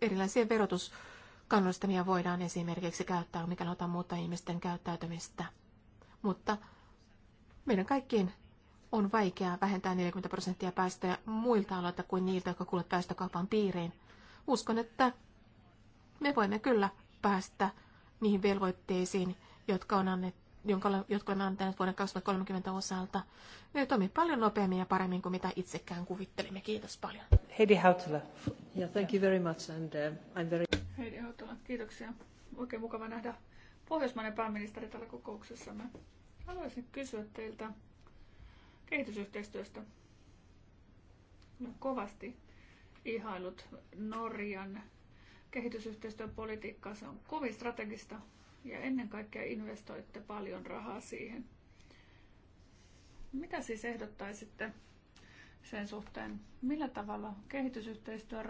[SPEAKER 3] Erilaisia verotuskannustamia voidaan esimerkiksi käyttää, mikä halutaan muuta ihmisten käyttäytymistä. Mutta meidän kaikkien on vaikeaa vähentää 40 prosenttia päästöjä muilta aloilta kuin niiltä, jotka kuuluvat päästökaupan piiriin. Uskon, että me voimme kyllä päästä niihin velvoitteisiin, jotka on annettu jonka, jotka olen antanut vuoden 2030 osalta, ne toimivat paljon nopeammin ja paremmin kuin mitä itsekään kuvittelimme. Kiitos paljon.
[SPEAKER 2] Heidi Hautala. Yeah, thank you very much and uh, I'm very... Heidi Hautala, kiitoksia. Oikein mukava nähdä pohjoismainen pääministeri tällä Mä Haluaisin kysyä teiltä kehitysyhteistyöstä. Mä kovasti ihailut Norjan kehitysyhteistyöpolitiikkaa. Se on kovin strategista ja ennen kaikkea investoitte paljon rahaa siihen. Mitä siis ehdottaisitte sen suhteen, millä tavalla kehitysyhteistyön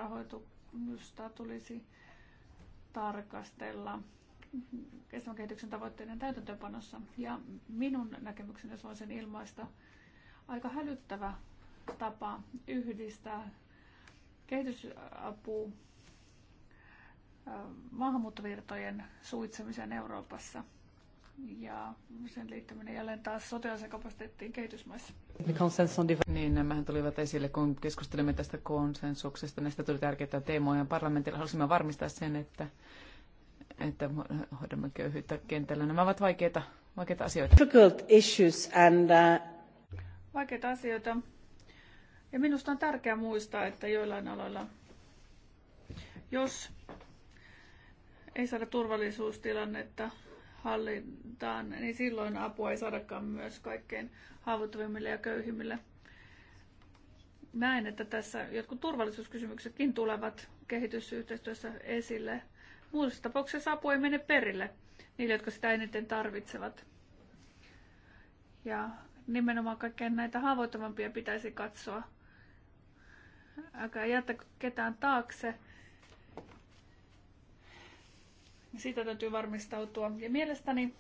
[SPEAKER 2] tulisi tarkastella kestävän kehityksen tavoitteiden täytäntöönpanossa? Ja minun näkemykseni, jos voin sen ilmaista, aika hälyttävä tapa yhdistää kehitysapu maahanmuuttovirtojen suitsemisen Euroopassa ja sen liittyminen jälleen taas sotilaisen kapasiteettiin kehitysmaissa.
[SPEAKER 1] Niin, nämähän tulivat esille, kun keskustelimme tästä konsensuksesta. Näistä tuli tärkeitä teemoja. Parlamentilla halusimme varmistaa sen, että, että hoidamme köyhyyttä kentällä. Nämä ovat vaikeita, vaikeita asioita. Difficult issues and, uh...
[SPEAKER 2] Vaikeita asioita. Ja minusta on tärkeää muistaa, että joillain aloilla, jos ei saada turvallisuustilannetta hallintaan, niin silloin apua ei saadakaan myös kaikkein haavoittuvimmille ja köyhimmille. Näen, että tässä jotkut turvallisuuskysymyksetkin tulevat kehitysyhteistyössä esille. Muussa tapauksessa apu ei mene perille niille, jotka sitä eniten tarvitsevat. Ja nimenomaan kaikkein näitä haavoittuvampia pitäisi katsoa. Älkää jättä ketään taakse niin Siitä täytyy varmistautua. Ja mielestäni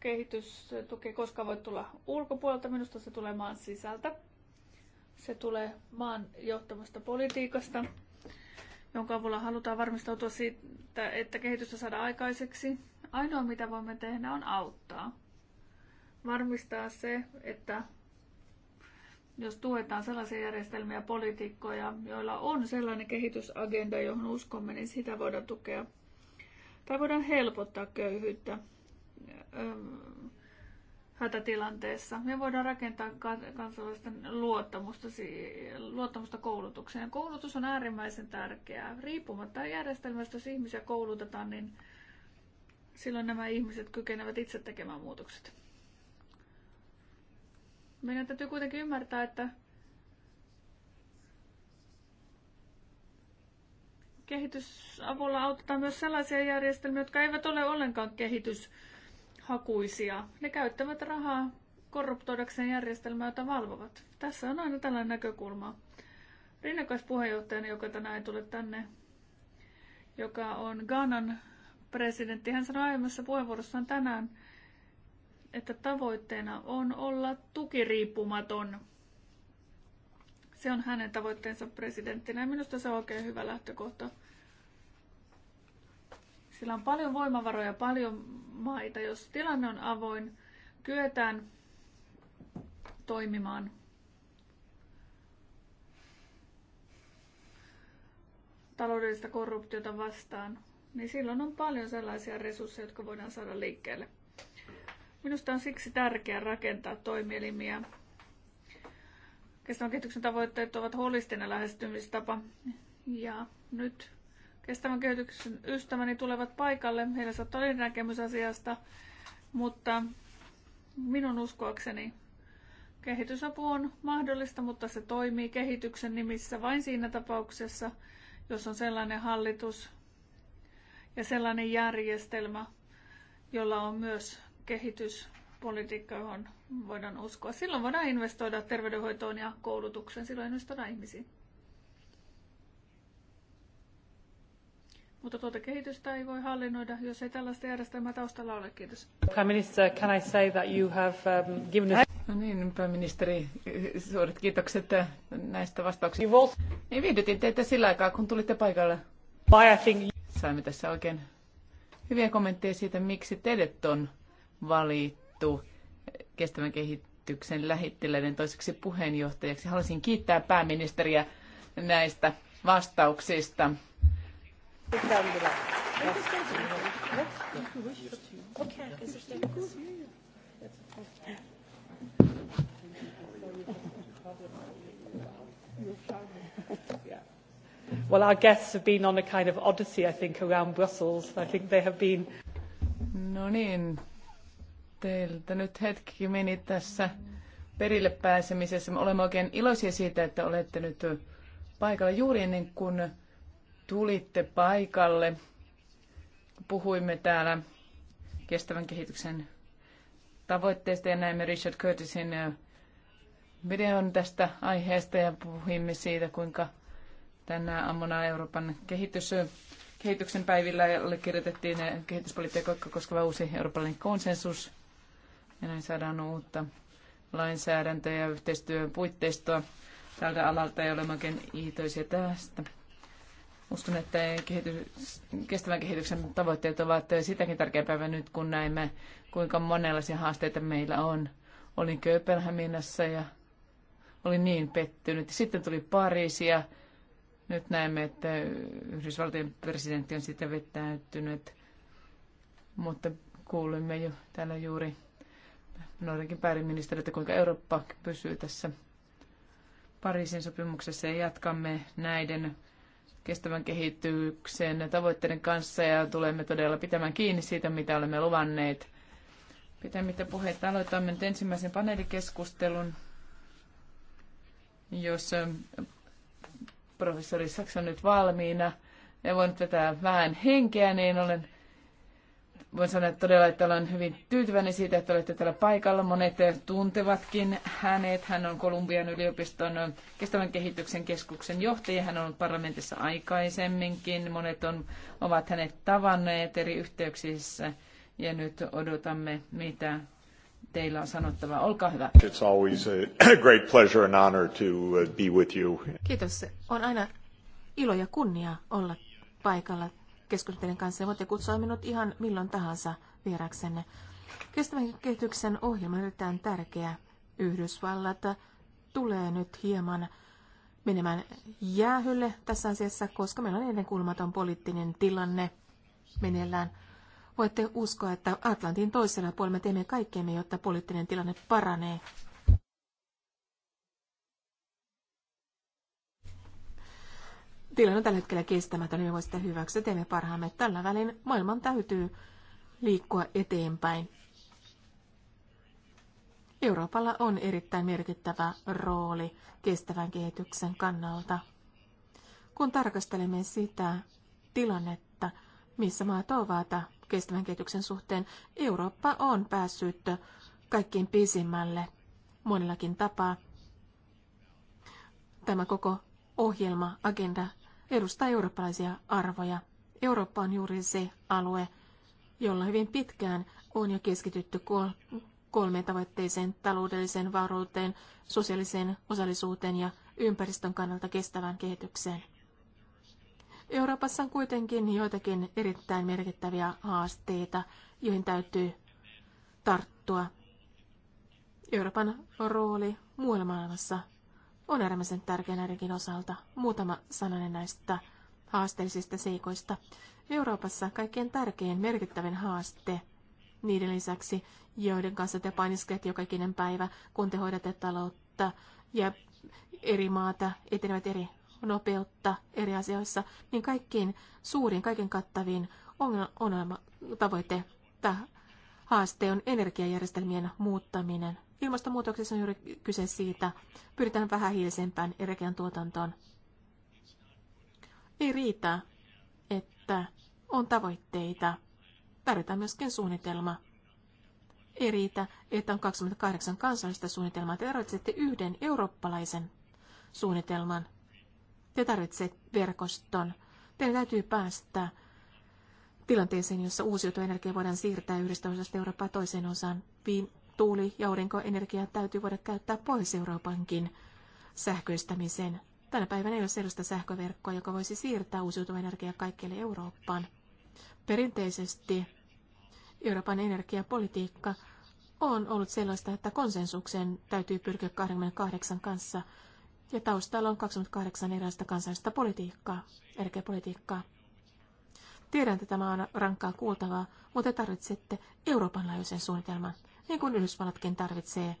[SPEAKER 2] kehitystuki koskaan voi tulla ulkopuolelta, minusta se tulee maan sisältä. Se tulee maan johtamasta politiikasta, jonka avulla halutaan varmistautua siitä, että kehitystä saada aikaiseksi. Ainoa mitä voimme tehdä on auttaa. Varmistaa se, että jos tuetaan sellaisia järjestelmiä ja poliitikkoja, joilla on sellainen kehitysagenda, johon uskomme, niin sitä voidaan tukea. Tai voidaan helpottaa köyhyyttä ähm, hätätilanteessa. Me voidaan rakentaa kansalaisten luottamusta, luottamusta koulutukseen. Koulutus on äärimmäisen tärkeää. Riippumatta järjestelmästä, jos ihmisiä koulutetaan, niin silloin nämä ihmiset kykenevät itse tekemään muutokset. Meidän täytyy kuitenkin ymmärtää, että kehitysavulla autetaan myös sellaisia järjestelmiä, jotka eivät ole ollenkaan kehityshakuisia. Ne käyttävät rahaa korruptoidakseen järjestelmää, jota valvovat. Tässä on aina tällainen näkökulma. Rinnakkaispuheenjohtajana, joka tänään ei tule tänne, joka on Ghana'n presidentti, hän sanoi aiemmassa puheenvuorossaan tänään, että tavoitteena on olla tukiriippumaton. Se on hänen tavoitteensa presidenttinä ja minusta se on oikein hyvä lähtökohta. Sillä on paljon voimavaroja, paljon maita. Jos tilanne on avoin, kyetään toimimaan taloudellista korruptiota vastaan, niin silloin on paljon sellaisia resursseja, jotka voidaan saada liikkeelle. Minusta on siksi tärkeää rakentaa toimielimiä. Kestävän kehityksen tavoitteet ovat holistinen lähestymistapa. Ja nyt kestävän kehityksen ystäväni tulevat paikalle. Heillä saattaa olla näkemys asiasta, mutta minun uskoakseni kehitysapu on mahdollista, mutta se toimii kehityksen nimissä vain siinä tapauksessa, jos on sellainen hallitus ja sellainen järjestelmä, jolla on myös kehityspolitiikka, johon voidaan uskoa. Silloin voidaan investoida terveydenhoitoon ja koulutukseen, silloin investoidaan ihmisiin. Mutta tuota kehitystä ei voi hallinnoida, jos ei tällaista järjestelmää taustalla ole. Kiitos. Prime Minister, can I say that you
[SPEAKER 1] have um, given us... No niin, pääministeri, suuret kiitokset näistä vastauksista. Niin viihdytin teitä sillä aikaa, kun tulitte paikalle. Saimme tässä oikein hyviä kommentteja siitä, miksi teidät on valittu kestävän kehityksen lähettiläiden toiseksi puheenjohtajaksi. Haluaisin kiittää pääministeriä näistä vastauksista.
[SPEAKER 2] Well, our guests have been on a kind of odyssey, I think,
[SPEAKER 1] around Brussels. I think they have been... No niin, teiltä. Nyt hetki meni tässä perille pääsemisessä. Me olemme oikein iloisia siitä, että olette nyt paikalla juuri ennen kuin tulitte paikalle. Puhuimme täällä kestävän kehityksen tavoitteista ja näimme Richard Curtisin äh, videon tästä aiheesta ja puhuimme siitä, kuinka tänä aamuna Euroopan kehitys, äh, kehityksen päivillä allekirjoitettiin äh, kehityspolitiikkaa koskeva uusi eurooppalainen konsensus. Ja näin saadaan uutta lainsäädäntöä ja yhteistyön puitteistoa tältä alalta ja olemme iitoisia tästä. Uskon, että kehitys, kestävän kehityksen tavoitteet ovat sitäkin päivä nyt, kun näemme, kuinka monenlaisia haasteita meillä on. Olin Kööpenhaminassa ja olin niin pettynyt. Sitten tuli Pariisi ja nyt näemme, että Yhdysvaltojen presidentti on sitä vettäytynyt. Mutta kuulimme jo täällä juuri Norjankin että kuinka Eurooppa pysyy tässä Pariisin sopimuksessa ja jatkamme näiden kestävän kehityksen tavoitteiden kanssa ja tulemme todella pitämään kiinni siitä, mitä olemme luvanneet. Pitämättä puheita aloitamme nyt ensimmäisen paneelikeskustelun, jos professori Saksa on nyt valmiina ja voin vetää vähän henkeä, niin olen voin sanoa että todella, että olen hyvin tyytyväinen siitä, että olette täällä paikalla. Monet tuntevatkin hänet. Hän on Kolumbian yliopiston kestävän kehityksen keskuksen johtaja. Hän on ollut parlamentissa aikaisemminkin. Monet on, ovat hänet tavanneet eri yhteyksissä. Ja nyt odotamme, mitä
[SPEAKER 3] teillä on sanottavaa. Olkaa hyvä.
[SPEAKER 1] It's always a great pleasure and honor to uh, be with you.
[SPEAKER 3] Kiitos. On aina ilo ja kunnia olla paikalla keskustelen kanssa ja voitte kutsua minut ihan milloin tahansa vieraksenne. Kestävän kehityksen ohjelma on tärkeä. Yhdysvallat tulee nyt hieman menemään jäähylle tässä asiassa, koska meillä on ennenkulmaton poliittinen tilanne meneillään. Voitte uskoa, että Atlantin toisella puolella me teemme kaikkemme, jotta poliittinen tilanne paranee tilanne on tällä hetkellä kestämätön, niin me voi sitä hyväksyä. Teemme parhaamme. Tällä välin maailman täytyy liikkua eteenpäin. Euroopalla on erittäin merkittävä rooli kestävän kehityksen kannalta. Kun tarkastelemme sitä tilannetta, missä maat ovat kestävän kehityksen suhteen, Eurooppa on päässyt kaikkein pisimmälle monillakin tapaa. Tämä koko ohjelma, agenda edustaa eurooppalaisia arvoja. Eurooppa on juuri se alue, jolla hyvin pitkään on jo keskitytty kolmeen tavoitteeseen, taloudelliseen vauruuteen, sosiaaliseen osallisuuteen ja ympäristön kannalta kestävään kehitykseen. Euroopassa on kuitenkin joitakin erittäin merkittäviä haasteita, joihin täytyy tarttua. Euroopan rooli muualla maailmassa on äärimmäisen tärkeä näidenkin osalta. Muutama sananen näistä haasteellisista seikoista. Euroopassa kaikkein tärkein merkittävin haaste niiden lisäksi, joiden kanssa te painiskelette joka ikinen päivä, kun te hoidatte taloutta ja eri maata etenevät eri nopeutta eri asioissa, niin kaikkiin suurin, kaiken kattaviin ongelma, tavoite tai haaste on energiajärjestelmien muuttaminen Ilmastonmuutoksessa on juuri kyse siitä, pyritään vähähiilisempään tuotantoon. Ei riitä, että on tavoitteita. Tarvitaan myöskin suunnitelma. Ei riitä, että on 28 kansallista suunnitelmaa. Te tarvitsette yhden eurooppalaisen suunnitelman. Te tarvitsette verkoston. Teidän täytyy päästä tilanteeseen, jossa uusiutuva energia voidaan siirtää yhdestä osasta Eurooppaa toiseen osaan tuuli- ja aurinkoenergiaa täytyy voida käyttää pois Euroopankin sähköistämiseen. Tänä päivänä ei ole sellaista sähköverkkoa, joka voisi siirtää uusiutuvan energiaa kaikkialle Eurooppaan. Perinteisesti Euroopan energiapolitiikka on ollut sellaista, että konsensukseen täytyy pyrkiä 28 kanssa, ja taustalla on 28 erilaista kansallista politiikkaa, energiapolitiikkaa. Tiedän, että tämä on rankkaa kuultavaa, mutta tarvitsette Euroopan laajuisen suunnitelman niin kuin Yhdysvallatkin tarvitsee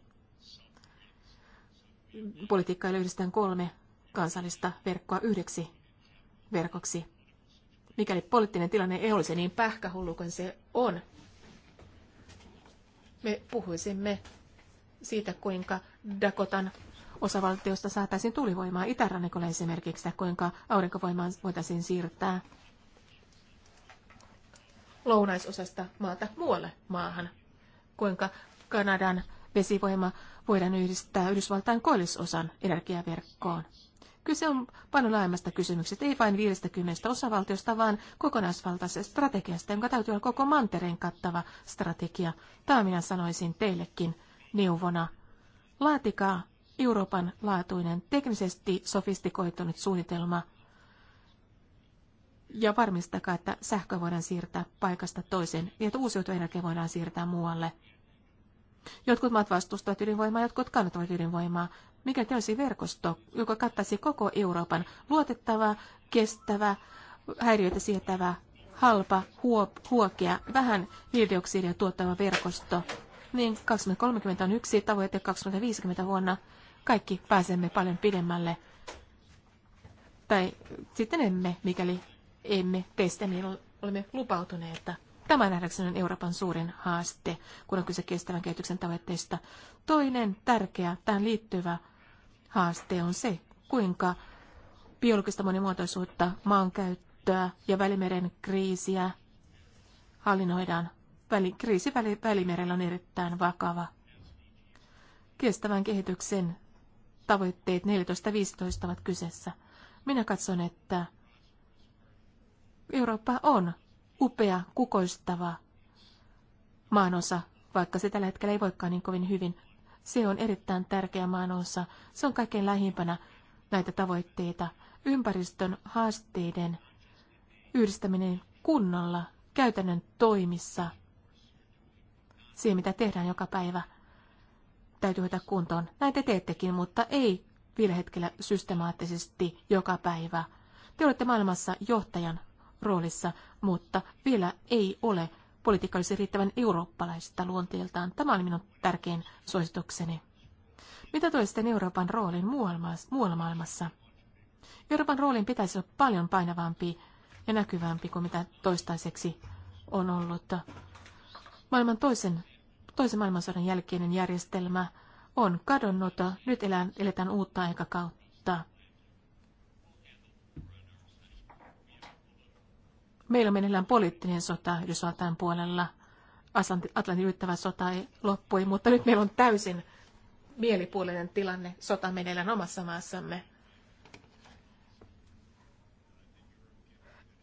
[SPEAKER 3] politiikkaa yhdistetään kolme kansallista verkkoa yhdeksi verkoksi. Mikäli poliittinen tilanne ei olisi niin pähkähullu kuin se on, me puhuisimme siitä, kuinka Dakotan osavaltiosta saataisiin tulivoimaa itärannikolle esimerkiksi, tai kuinka aurinkovoimaa voitaisiin siirtää lounaisosasta maata muualle maahan kuinka Kanadan vesivoima voidaan yhdistää Yhdysvaltain koillisosan energiaverkkoon. Kyse on paljon laajemmasta kysymyksestä, ei vain 50 osavaltiosta, vaan kokonaisvaltaisesta strategiasta, jonka täytyy olla koko mantereen kattava strategia. Tämä minä sanoisin teillekin neuvona. Laatikaa Euroopan laatuinen, teknisesti sofistikoitunut suunnitelma ja varmistakaa, että sähkö voidaan siirtää paikasta toiseen, niin että uusiutuva energia voidaan siirtää muualle. Jotkut maat vastustavat ydinvoimaa, jotkut kannattavat ydinvoimaa. Mikä olisi verkosto, joka kattaisi koko Euroopan luotettava, kestävä, häiriöitä sietävä, halpa, huop, huokea, vähän hiilidioksidia tuottava verkosto, niin 2030 on yksi tavoite 2050 vuonna. Kaikki pääsemme paljon pidemmälle. Tai sitten emme, mikäli emme teistä, niin olemme lupautuneet, että Tämä nähdäkseni on Euroopan suurin haaste, kun on kyse kestävän kehityksen tavoitteista. Toinen tärkeä tähän liittyvä haaste on se, kuinka biologista monimuotoisuutta, maankäyttöä ja välimeren kriisiä hallinnoidaan. Väli, kriisi välimerellä on erittäin vakava. Kestävän kehityksen tavoitteet 14-15 ovat kyseessä. Minä katson, että Eurooppa on upea, kukoistava maanosa, vaikka se tällä hetkellä ei voikaan niin kovin hyvin. Se on erittäin tärkeä maanosa. Se on kaikkein lähimpänä näitä tavoitteita. Ympäristön haasteiden yhdistäminen kunnolla, käytännön toimissa, siihen mitä tehdään joka päivä, täytyy hoitaa kuntoon. Näin te teettekin, mutta ei vielä hetkellä systemaattisesti joka päivä. Te olette maailmassa johtajan roolissa, mutta vielä ei ole politiikka olisi riittävän eurooppalaista luonteeltaan. Tämä oli minun tärkein suositukseni. Mitä tulee sitten Euroopan roolin muualla maailmassa? Euroopan roolin pitäisi olla paljon painavampi ja näkyvämpi kuin mitä toistaiseksi on ollut. Maailman toisen, toisen maailmansodan jälkeinen järjestelmä on kadonnut. Nyt eletään uutta aikakautta Meillä on meneillään poliittinen sota Yhdysvaltain puolella. Atlantin yrittävä sota ei loppui, mutta nyt meillä on täysin mielipuolinen tilanne sota meneillään omassa maassamme.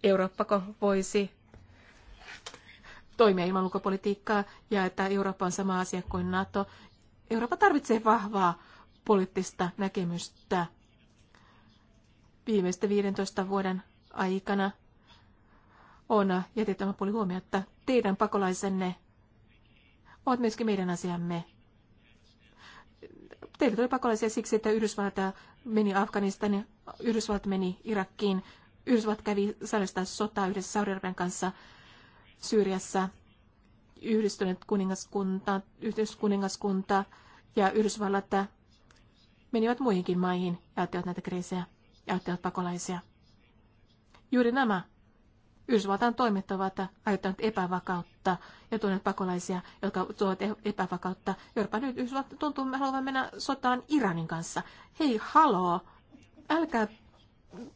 [SPEAKER 3] Eurooppako voisi toimia ilman ulkopolitiikkaa ja että Eurooppa on sama asia kuin NATO. Eurooppa tarvitsee vahvaa poliittista näkemystä. Viimeisten 15 vuoden aikana on jätettävä puoli huomioon, että Teidän pakolaisenne ovat myöskin meidän asiamme. Teille tuli pakolaisia siksi, että Yhdysvallat meni Afganistaniin, Yhdysvallat meni Irakkiin, Yhdysvallat kävi säännöstä sotaa yhdessä saudi kanssa Syyriassa, yhdistyneet kuningaskunta, yhteiskuningaskunta ja Yhdysvallat menivät muihinkin maihin ja ottivat näitä kriisejä ja ottivat pakolaisia. Juuri nämä Yhdysvaltain toimet ovat aiheuttaneet epävakautta ja tuoneet pakolaisia, jotka tuovat e- epävakautta. Euroopan nyt Yhdysvallat tuntuu haluavan mennä sotaan Iranin kanssa. Hei, haloo, älkää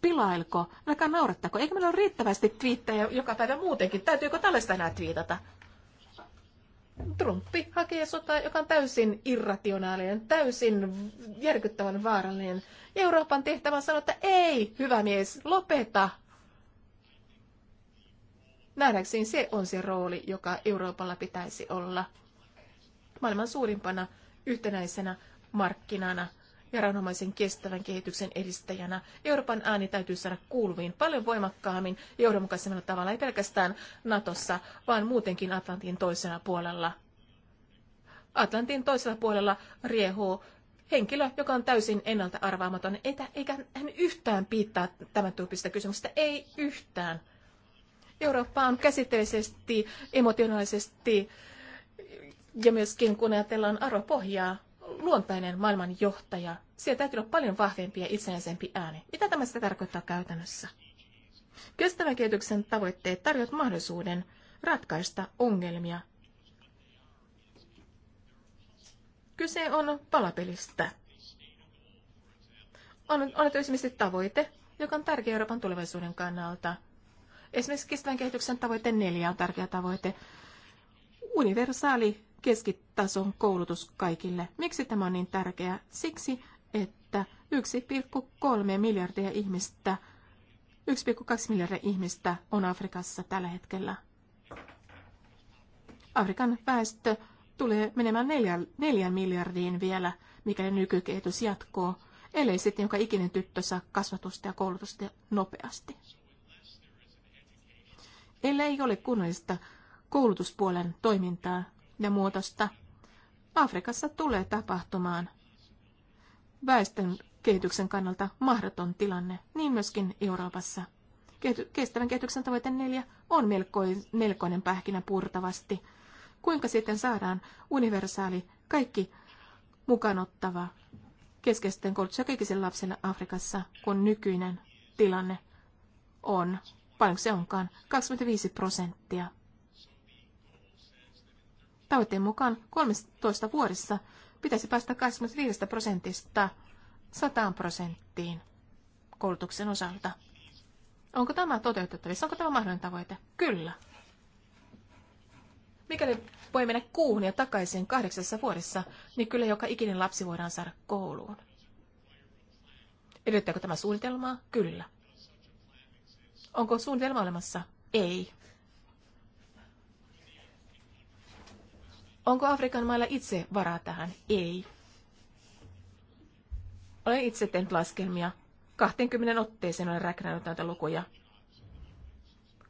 [SPEAKER 3] pilailko, älkää naurattako. Eikö meillä ole riittävästi twiittejä joka päivä muutenkin? Täytyykö tällaista enää twiitata? Trumpi hakee sotaa, joka on täysin irrationaalinen, täysin järkyttävän vaarallinen. Euroopan tehtävä on sanoa, että ei, hyvä mies, lopeta Nähdäkseni se on se rooli, joka Euroopalla pitäisi olla maailman suurimpana yhtenäisenä markkinana ja rauhanomaisen kestävän kehityksen edistäjänä. Euroopan ääni täytyy saada kuuluviin paljon voimakkaammin ja johdonmukaisemmalla tavalla, ei pelkästään Natossa, vaan muutenkin Atlantin toisella puolella. Atlantin toisella puolella riehuu henkilö, joka on täysin ennalta arvaamaton, eikä hän yhtään piittaa tämän tyyppistä kysymystä, ei yhtään. Eurooppa on käsitteellisesti, emotionaalisesti ja myöskin kun ajatellaan arvopohjaa, luontainen maailman johtaja. Siellä täytyy olla paljon vahvempi ja itsenäisempi ääni. Mitä tämä sitä tarkoittaa käytännössä? Kestävän kehityksen tavoitteet tarjoavat mahdollisuuden ratkaista ongelmia. Kyse on palapelistä. On, on esimerkiksi tavoite, joka on tärkeä Euroopan tulevaisuuden kannalta – Esimerkiksi kestävän kehityksen tavoite neljä on tärkeä tavoite. Universaali keskitason koulutus kaikille. Miksi tämä on niin tärkeää? Siksi, että 1,3 miljardia ihmistä, 1,2 miljardia ihmistä on Afrikassa tällä hetkellä. Afrikan väestö tulee menemään neljän, neljän miljardiin vielä, mikäli nykykehitys jatkuu, ellei sitten joka ikinen tyttö saa kasvatusta ja koulutusta nopeasti ellei ei ole kunnallista koulutuspuolen toimintaa ja muutosta. Afrikassa tulee tapahtumaan väestön kehityksen kannalta mahdoton tilanne, niin myöskin Euroopassa. Kestävän kehityksen tavoite neljä on melkoinen pähkinä purtavasti. Kuinka sitten saadaan universaali, kaikki mukanottava keskeisten koulutus ja lapsille Afrikassa, kun nykyinen tilanne on paljonko se onkaan, 25 prosenttia. Tavoitteen mukaan 13 vuodessa pitäisi päästä 25 prosentista 100 prosenttiin koulutuksen osalta. Onko tämä toteutettavissa? Onko tämä mahdollinen tavoite? Kyllä. Mikäli voi mennä kuuhun ja takaisin kahdeksassa vuodessa, niin kyllä joka ikinen lapsi voidaan saada kouluun. Edellyttääkö tämä suunnitelmaa? Kyllä. Onko suunnitelma olemassa? Ei. Onko Afrikan mailla itse varaa tähän? Ei. Olen itse tehnyt laskelmia. 20 otteeseen olen räknänyt näitä lukuja.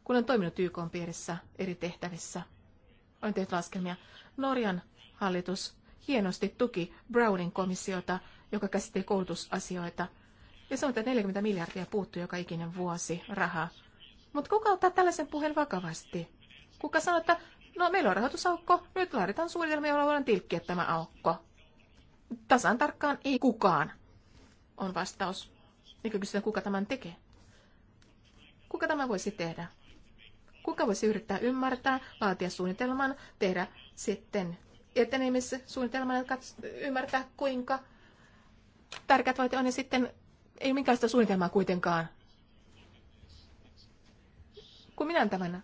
[SPEAKER 3] Kun olen toiminut YK piirissä eri tehtävissä, olen tehnyt laskelmia. Norjan hallitus hienosti tuki Brownin komissiota, joka käsitteli koulutusasioita – ja sanotaan, että 40 miljardia puuttuu joka ikinen vuosi rahaa. Mutta kuka ottaa tällaisen puheen vakavasti? Kuka sanoo, että no meillä on rahoitusaukko, nyt laaditaan suunnitelma, jolla voidaan tilkkiä tämä aukko. Tasan tarkkaan ei kukaan, on vastaus. Eikö kysytä, kuka tämän tekee? Kuka tämä voisi tehdä? Kuka voisi yrittää ymmärtää, laatia suunnitelman, tehdä sitten etenemissuunnitelman ja ymmärtää, kuinka tärkeät voitte on ja sitten ei minkäänlaista suunnitelmaa kuitenkaan. Kun minä tämän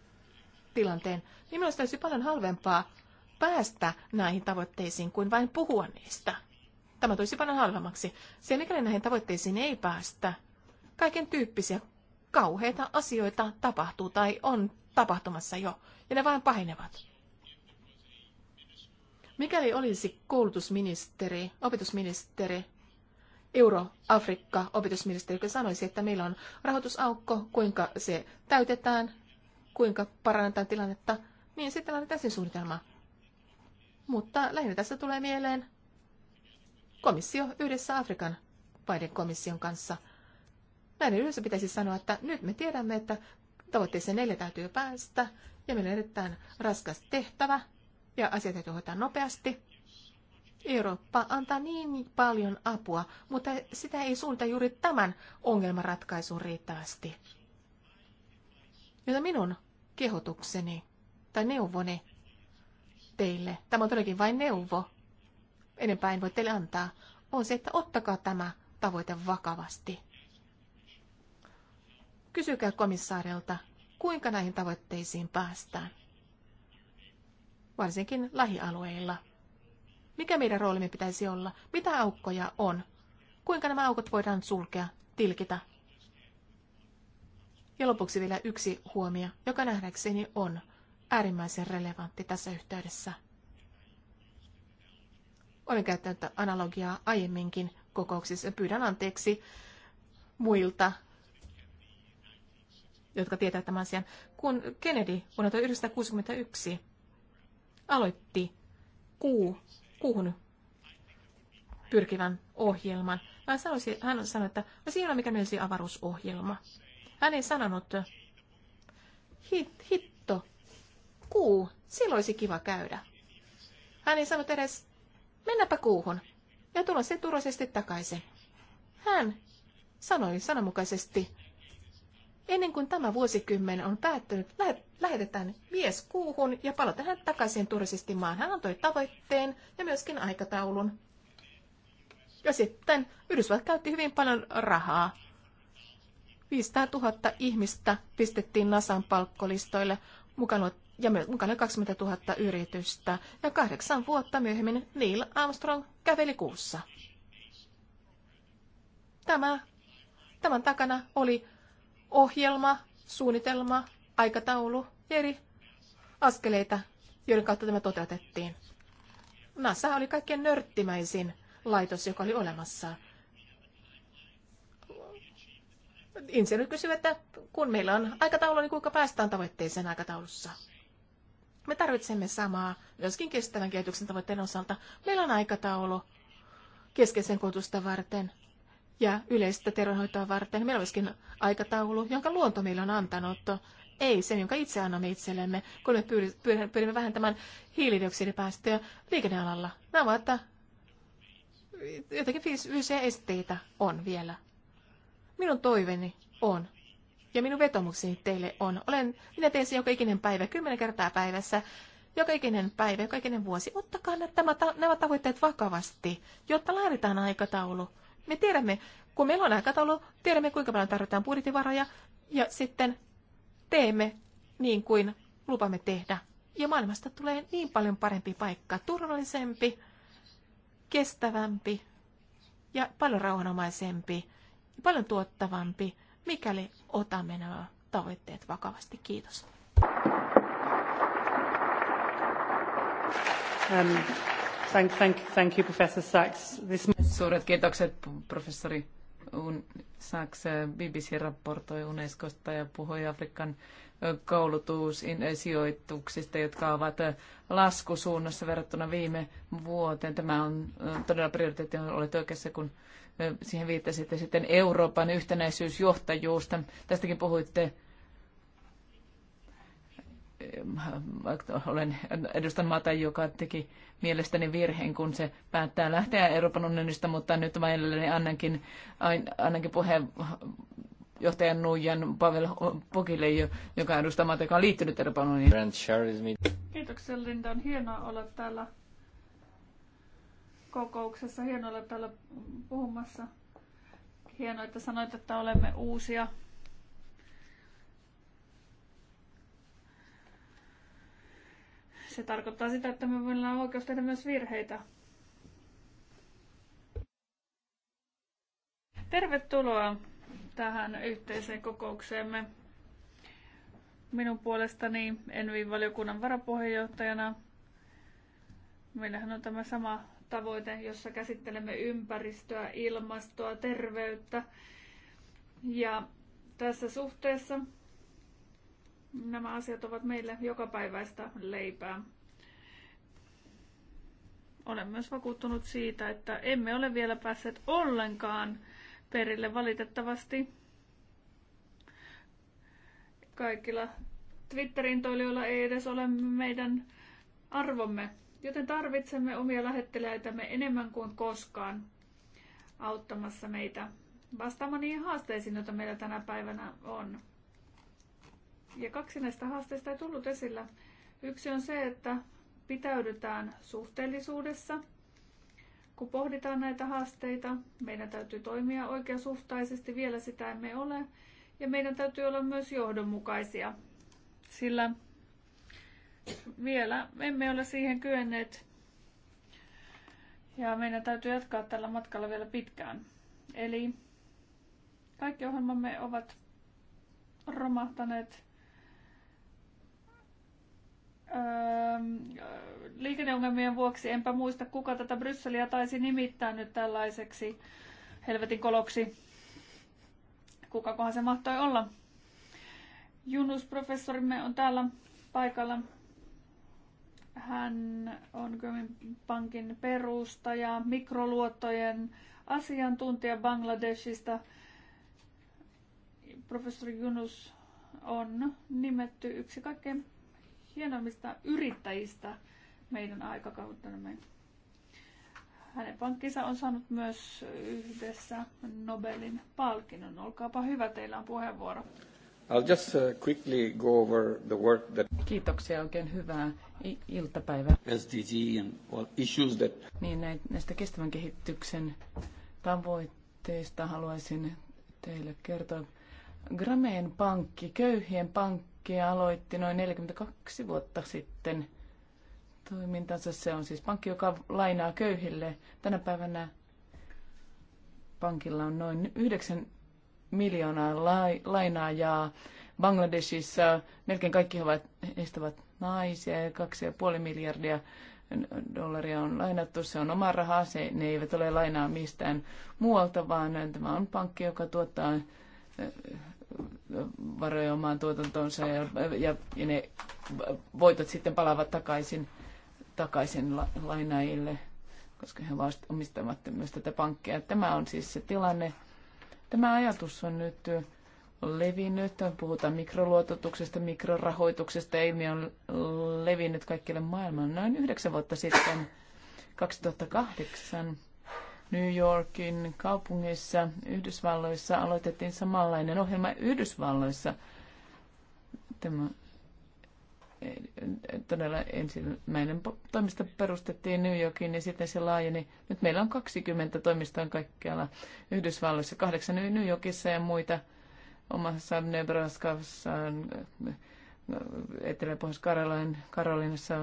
[SPEAKER 3] tilanteen, niin minusta olisi paljon halvempaa päästä näihin tavoitteisiin kuin vain puhua niistä. Tämä toisi paljon halvemmaksi. Se, mikäli näihin tavoitteisiin ei päästä, kaiken tyyppisiä kauheita asioita tapahtuu tai on tapahtumassa jo, ja ne vain pahenevat. Mikäli olisi koulutusministeri, opetusministeri, Euro-Afrikka-opetusministeri, joka sanoisi, että meillä on rahoitusaukko, kuinka se täytetään, kuinka parannetaan tilannetta, niin sitten on tässä suunnitelma. Mutta lähinnä tässä tulee mieleen komissio yhdessä Afrikan Biden komission kanssa. Näiden yhdessä pitäisi sanoa, että nyt me tiedämme, että tavoitteeseen neljä täytyy päästä ja meillä on erittäin raskas tehtävä ja asiat täytyy hoitaa nopeasti. Eurooppa antaa niin paljon apua, mutta sitä ei suunta juuri tämän ongelman riittävästi. Joten minun kehotukseni tai neuvoni teille, tämä on todellakin vain neuvo, enempää en voi teille antaa, on se, että ottakaa tämä tavoite vakavasti. Kysykää komissaarilta, kuinka näihin tavoitteisiin päästään, varsinkin lähialueilla – mikä meidän roolimme pitäisi olla? Mitä aukkoja on? Kuinka nämä aukot voidaan sulkea, tilkitä? Ja lopuksi vielä yksi huomio, joka nähdäkseni on äärimmäisen relevantti tässä yhteydessä. Olen käyttänyt analogiaa aiemminkin kokouksissa. Pyydän anteeksi muilta, jotka tietävät tämän asian. Kun Kennedy vuonna 1961 aloitti kuu kuuhun pyrkivän ohjelman, Hän sanoi, hän sanoi, että no siinä on mikä mielisi avaruusohjelma. Hän ei sanonut, Hit, hitto, kuu, silloin olisi kiva käydä. Hän ei sanonut edes, mennäpä kuuhun ja tulla se turvallisesti takaisin. Hän sanoi sananmukaisesti, Ennen kuin tämä vuosikymmen on päättynyt, lähetetään mies kuuhun ja palataan hän takaisin turisesti maan. Hän antoi tavoitteen ja myöskin aikataulun. Ja sitten Yhdysvallat käytti hyvin paljon rahaa. 500 000 ihmistä pistettiin Nasan palkkolistoille, mukana, ja mukana 20 000 yritystä. Ja kahdeksan vuotta myöhemmin Neil Armstrong käveli kuussa. Tämä, tämän takana oli ohjelma, suunnitelma, aikataulu ja eri askeleita, joiden kautta tämä toteutettiin. NASA oli kaikkein nörttimäisin laitos, joka oli olemassa. Insinöörit kysyivät, että kun meillä on aikataulu, niin kuinka päästään tavoitteeseen aikataulussa? Me tarvitsemme samaa myöskin kestävän kehityksen tavoitteen osalta. Meillä on aikataulu keskeisen koulutusta varten ja yleistä terveydenhoitoa varten. Meillä olisikin aikataulu, jonka luonto meillä on antanut, ei se, jonka itse annamme itsellemme, kun me pyrimme vähentämään hiilidioksidipäästöjä liikennealalla. Nämä ovat, että äh, jotakin fyysisiä esteitä on vielä. Minun toiveni on, ja minun vetomukseni teille on. Olen, minä teen sen joka ikinen päivä, kymmenen kertaa päivässä, joka ikinen päivä, joka ikinen vuosi. Ottakaa nämä, nämä tavoitteet vakavasti, jotta laaditaan aikataulu, me tiedämme, kun meillä on aikataulu, tiedämme kuinka paljon tarvitaan budjettivaroja ja sitten teemme niin kuin lupamme tehdä. Ja maailmasta tulee niin paljon parempi paikka, turvallisempi, kestävämpi ja paljon rauhanomaisempi ja paljon tuottavampi, mikäli otamme nämä tavoitteet vakavasti. Kiitos.
[SPEAKER 2] Um. Thank, thank,
[SPEAKER 1] thank you, Professor Sachs. This... Suuret kiitokset, professori Sachs. BBC raportoi Unescosta ja puhui Afrikan koulutussijoituksista, jotka ovat laskusuunnassa verrattuna viime vuoteen. Tämä on todella prioriteetti, olet oikeassa, kun siihen viittasitte sitten Euroopan yhtenäisyysjohtajuus. Tästäkin puhuitte Äh, olen, edustan maata, joka teki mielestäni virheen, kun se päättää lähteä Euroopan unionista, mutta nyt mielelläni annankin, annankin puheen johtajan Nuijan Pavel Pokille, joka edustaa maata, joka on liittynyt Euroopan
[SPEAKER 2] unioniin. Kiitoksia Linda, on hienoa olla täällä kokouksessa, hienoa olla täällä puhumassa. Hienoa, että sanoit, että olemme uusia Se tarkoittaa sitä, että me voidaan oikeus tehdä myös virheitä. Tervetuloa tähän yhteiseen kokoukseemme. Minun puolestani Envi-valiokunnan varapuheenjohtajana. Meillähän on tämä sama tavoite, jossa käsittelemme ympäristöä, ilmastoa, terveyttä. Ja tässä suhteessa Nämä asiat ovat meille jokapäiväistä leipää. Olen myös vakuuttunut siitä, että emme ole vielä päässeet ollenkaan perille valitettavasti. Kaikilla Twitterin toilijoilla ei edes ole meidän arvomme, joten tarvitsemme omia lähettiläitämme enemmän kuin koskaan auttamassa meitä vastaamaan niihin haasteisiin, joita meillä tänä päivänä on. Ja kaksi näistä haasteista ei tullut esillä. Yksi on se, että pitäydytään suhteellisuudessa. Kun pohditaan näitä haasteita, meidän täytyy toimia oikeasuhtaisesti, vielä sitä emme ole. Ja meidän täytyy olla myös johdonmukaisia, sillä vielä emme ole siihen kyenneet. Ja meidän täytyy jatkaa tällä matkalla vielä pitkään. Eli kaikki ohjelmamme ovat romahtaneet liikenneongelmien vuoksi enpä muista, kuka tätä Brysseliä taisi nimittää nyt tällaiseksi helvetin koloksi. Kukakohan se mahtoi olla? Junus professorimme on täällä paikalla. Hän on Gömin pankin perustaja, mikroluottojen asiantuntija Bangladeshista. Professori Yunus on nimetty yksi kaikkein hienoimmista yrittäjistä meidän aikakautenamme. Hänen pankkinsa on saanut myös yhdessä Nobelin palkinnon. Olkaapa hyvä, teillä on puheenvuoro. I'll just uh, quickly go over the work that...
[SPEAKER 1] Kiitoksia, oikein hyvää iltapäivää.
[SPEAKER 2] SDG and all issues that... Niin
[SPEAKER 1] näistä kestävän kehityksen tavoitteista haluaisin teille kertoa. Grameen pankki, köyhien pankki, pankki aloitti noin 42 vuotta sitten toimintansa. Se on siis pankki, joka lainaa köyhille. Tänä päivänä pankilla on noin 9 miljoonaa lainaa lainaajaa. Bangladesissa melkein kaikki ovat, estävät naisia ja 2,5 miljardia dollaria on lainattu. Se on oma rahaa, se, ne eivät ole lainaa mistään muualta, vaan tämä on pankki, joka tuottaa varoja omaan tuotantonsa ja, ja, ja ne voitot sitten palaavat takaisin, takaisin la, lainaajille, koska he omistavat myös tätä pankkia. Tämä on siis se tilanne. Tämä ajatus on nyt levinnyt. Puhutaan mikroluototuksesta, mikrorahoituksesta. Ilmi on levinnyt kaikille maailmaan noin yhdeksän vuotta sitten, 2008 New Yorkin kaupungissa Yhdysvalloissa aloitettiin samanlainen ohjelma Yhdysvalloissa. Tämä eh, todella ensimmäinen toimisto perustettiin New Yorkiin ja sitten se laajeni. Nyt meillä on 20 toimistoa kaikkialla Yhdysvalloissa, kahdeksan New Yorkissa ja muita omassa Nebraskassa, Etelä-Pohjois-Karolinassa,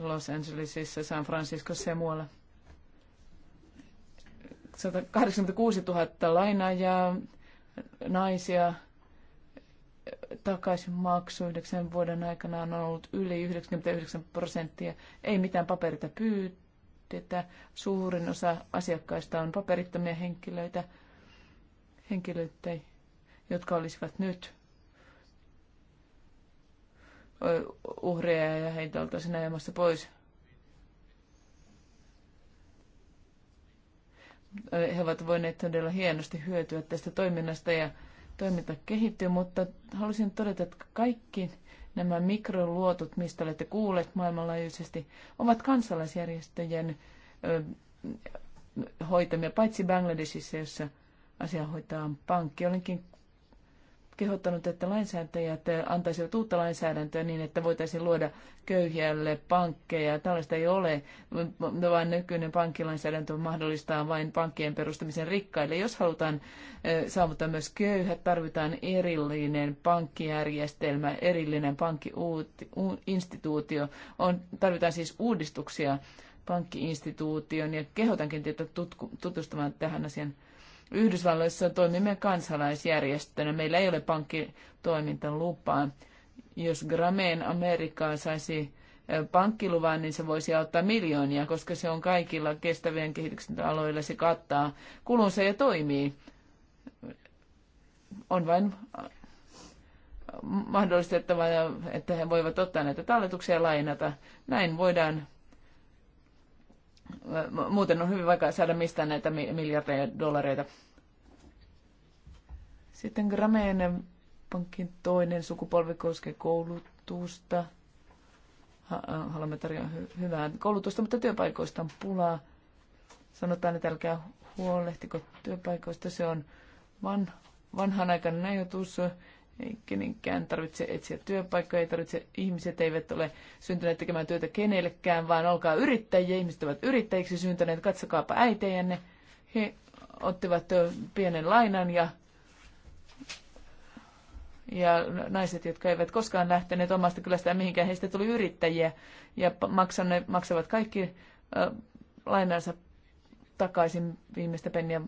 [SPEAKER 1] Los Angelesissa, San Franciscossa ja muualla. 186 000 lainaajaa, naisia, takaisinmaksu yhdeksän vuoden aikana on ollut yli 99 prosenttia. Ei mitään paperita pyydetä. Suurin osa asiakkaista on paperittomia henkilöitä, henkilöitä jotka olisivat nyt uhreja ja heitä oltaisiin ajamassa pois he ovat voineet todella hienosti hyötyä tästä toiminnasta ja toiminta kehittyy, mutta halusin todeta, että kaikki nämä mikroluotot, mistä olette kuulleet maailmanlaajuisesti, ovat kansalaisjärjestöjen hoitamia, paitsi Bangladesissa, jossa asia hoitaa pankki. Olenkin kehottanut, että lainsäätäjät antaisivat uutta lainsäädäntöä niin, että voitaisiin luoda köyhiälle pankkeja. Tällaista ei ole, vaan nykyinen pankkilainsäädäntö mahdollistaa vain pankkien perustamisen rikkaille. Jos halutaan saavuttaa myös köyhät, tarvitaan erillinen pankkijärjestelmä, erillinen pankkiinstituutio. On, tarvitaan siis uudistuksia pankkiinstituutioon ja kehotankin teitä tutustumaan tähän asian Yhdysvalloissa toimimme kansalaisjärjestönä. Meillä ei ole pankkitoimintalupaa. Jos Grameen Amerikkaan saisi pankkiluvan, niin se voisi auttaa miljoonia, koska se on kaikilla kestävien kehityksen aloilla. Se kattaa kulunsa ja toimii. On vain mahdollistettava, että he voivat ottaa näitä talletuksia ja lainata. Näin voidaan Muuten on hyvin vaikea saada mistään näitä miljardeja dollareita. Sitten Grameen pankin toinen sukupolvi koskee koulutusta. Äh, haluamme tarjota hy- hyvää koulutusta, mutta työpaikoista on pulaa. Sanotaan, että älkää huolehtiko työpaikoista. Se on van- vanhanaikainen ajatus ei kenenkään tarvitse etsiä työpaikkoja, ei tarvitse, ihmiset eivät ole syntyneet tekemään työtä kenellekään, vaan olkaa yrittäjiä, ihmiset ovat yrittäjiksi syntyneet, katsokaapa äitejänne. He ottivat pienen lainan ja, ja naiset, jotka eivät koskaan lähteneet omasta kylästään mihinkään, heistä tuli yrittäjiä ja maksanne, maksavat kaikki äh, lainansa takaisin viimeistä penniä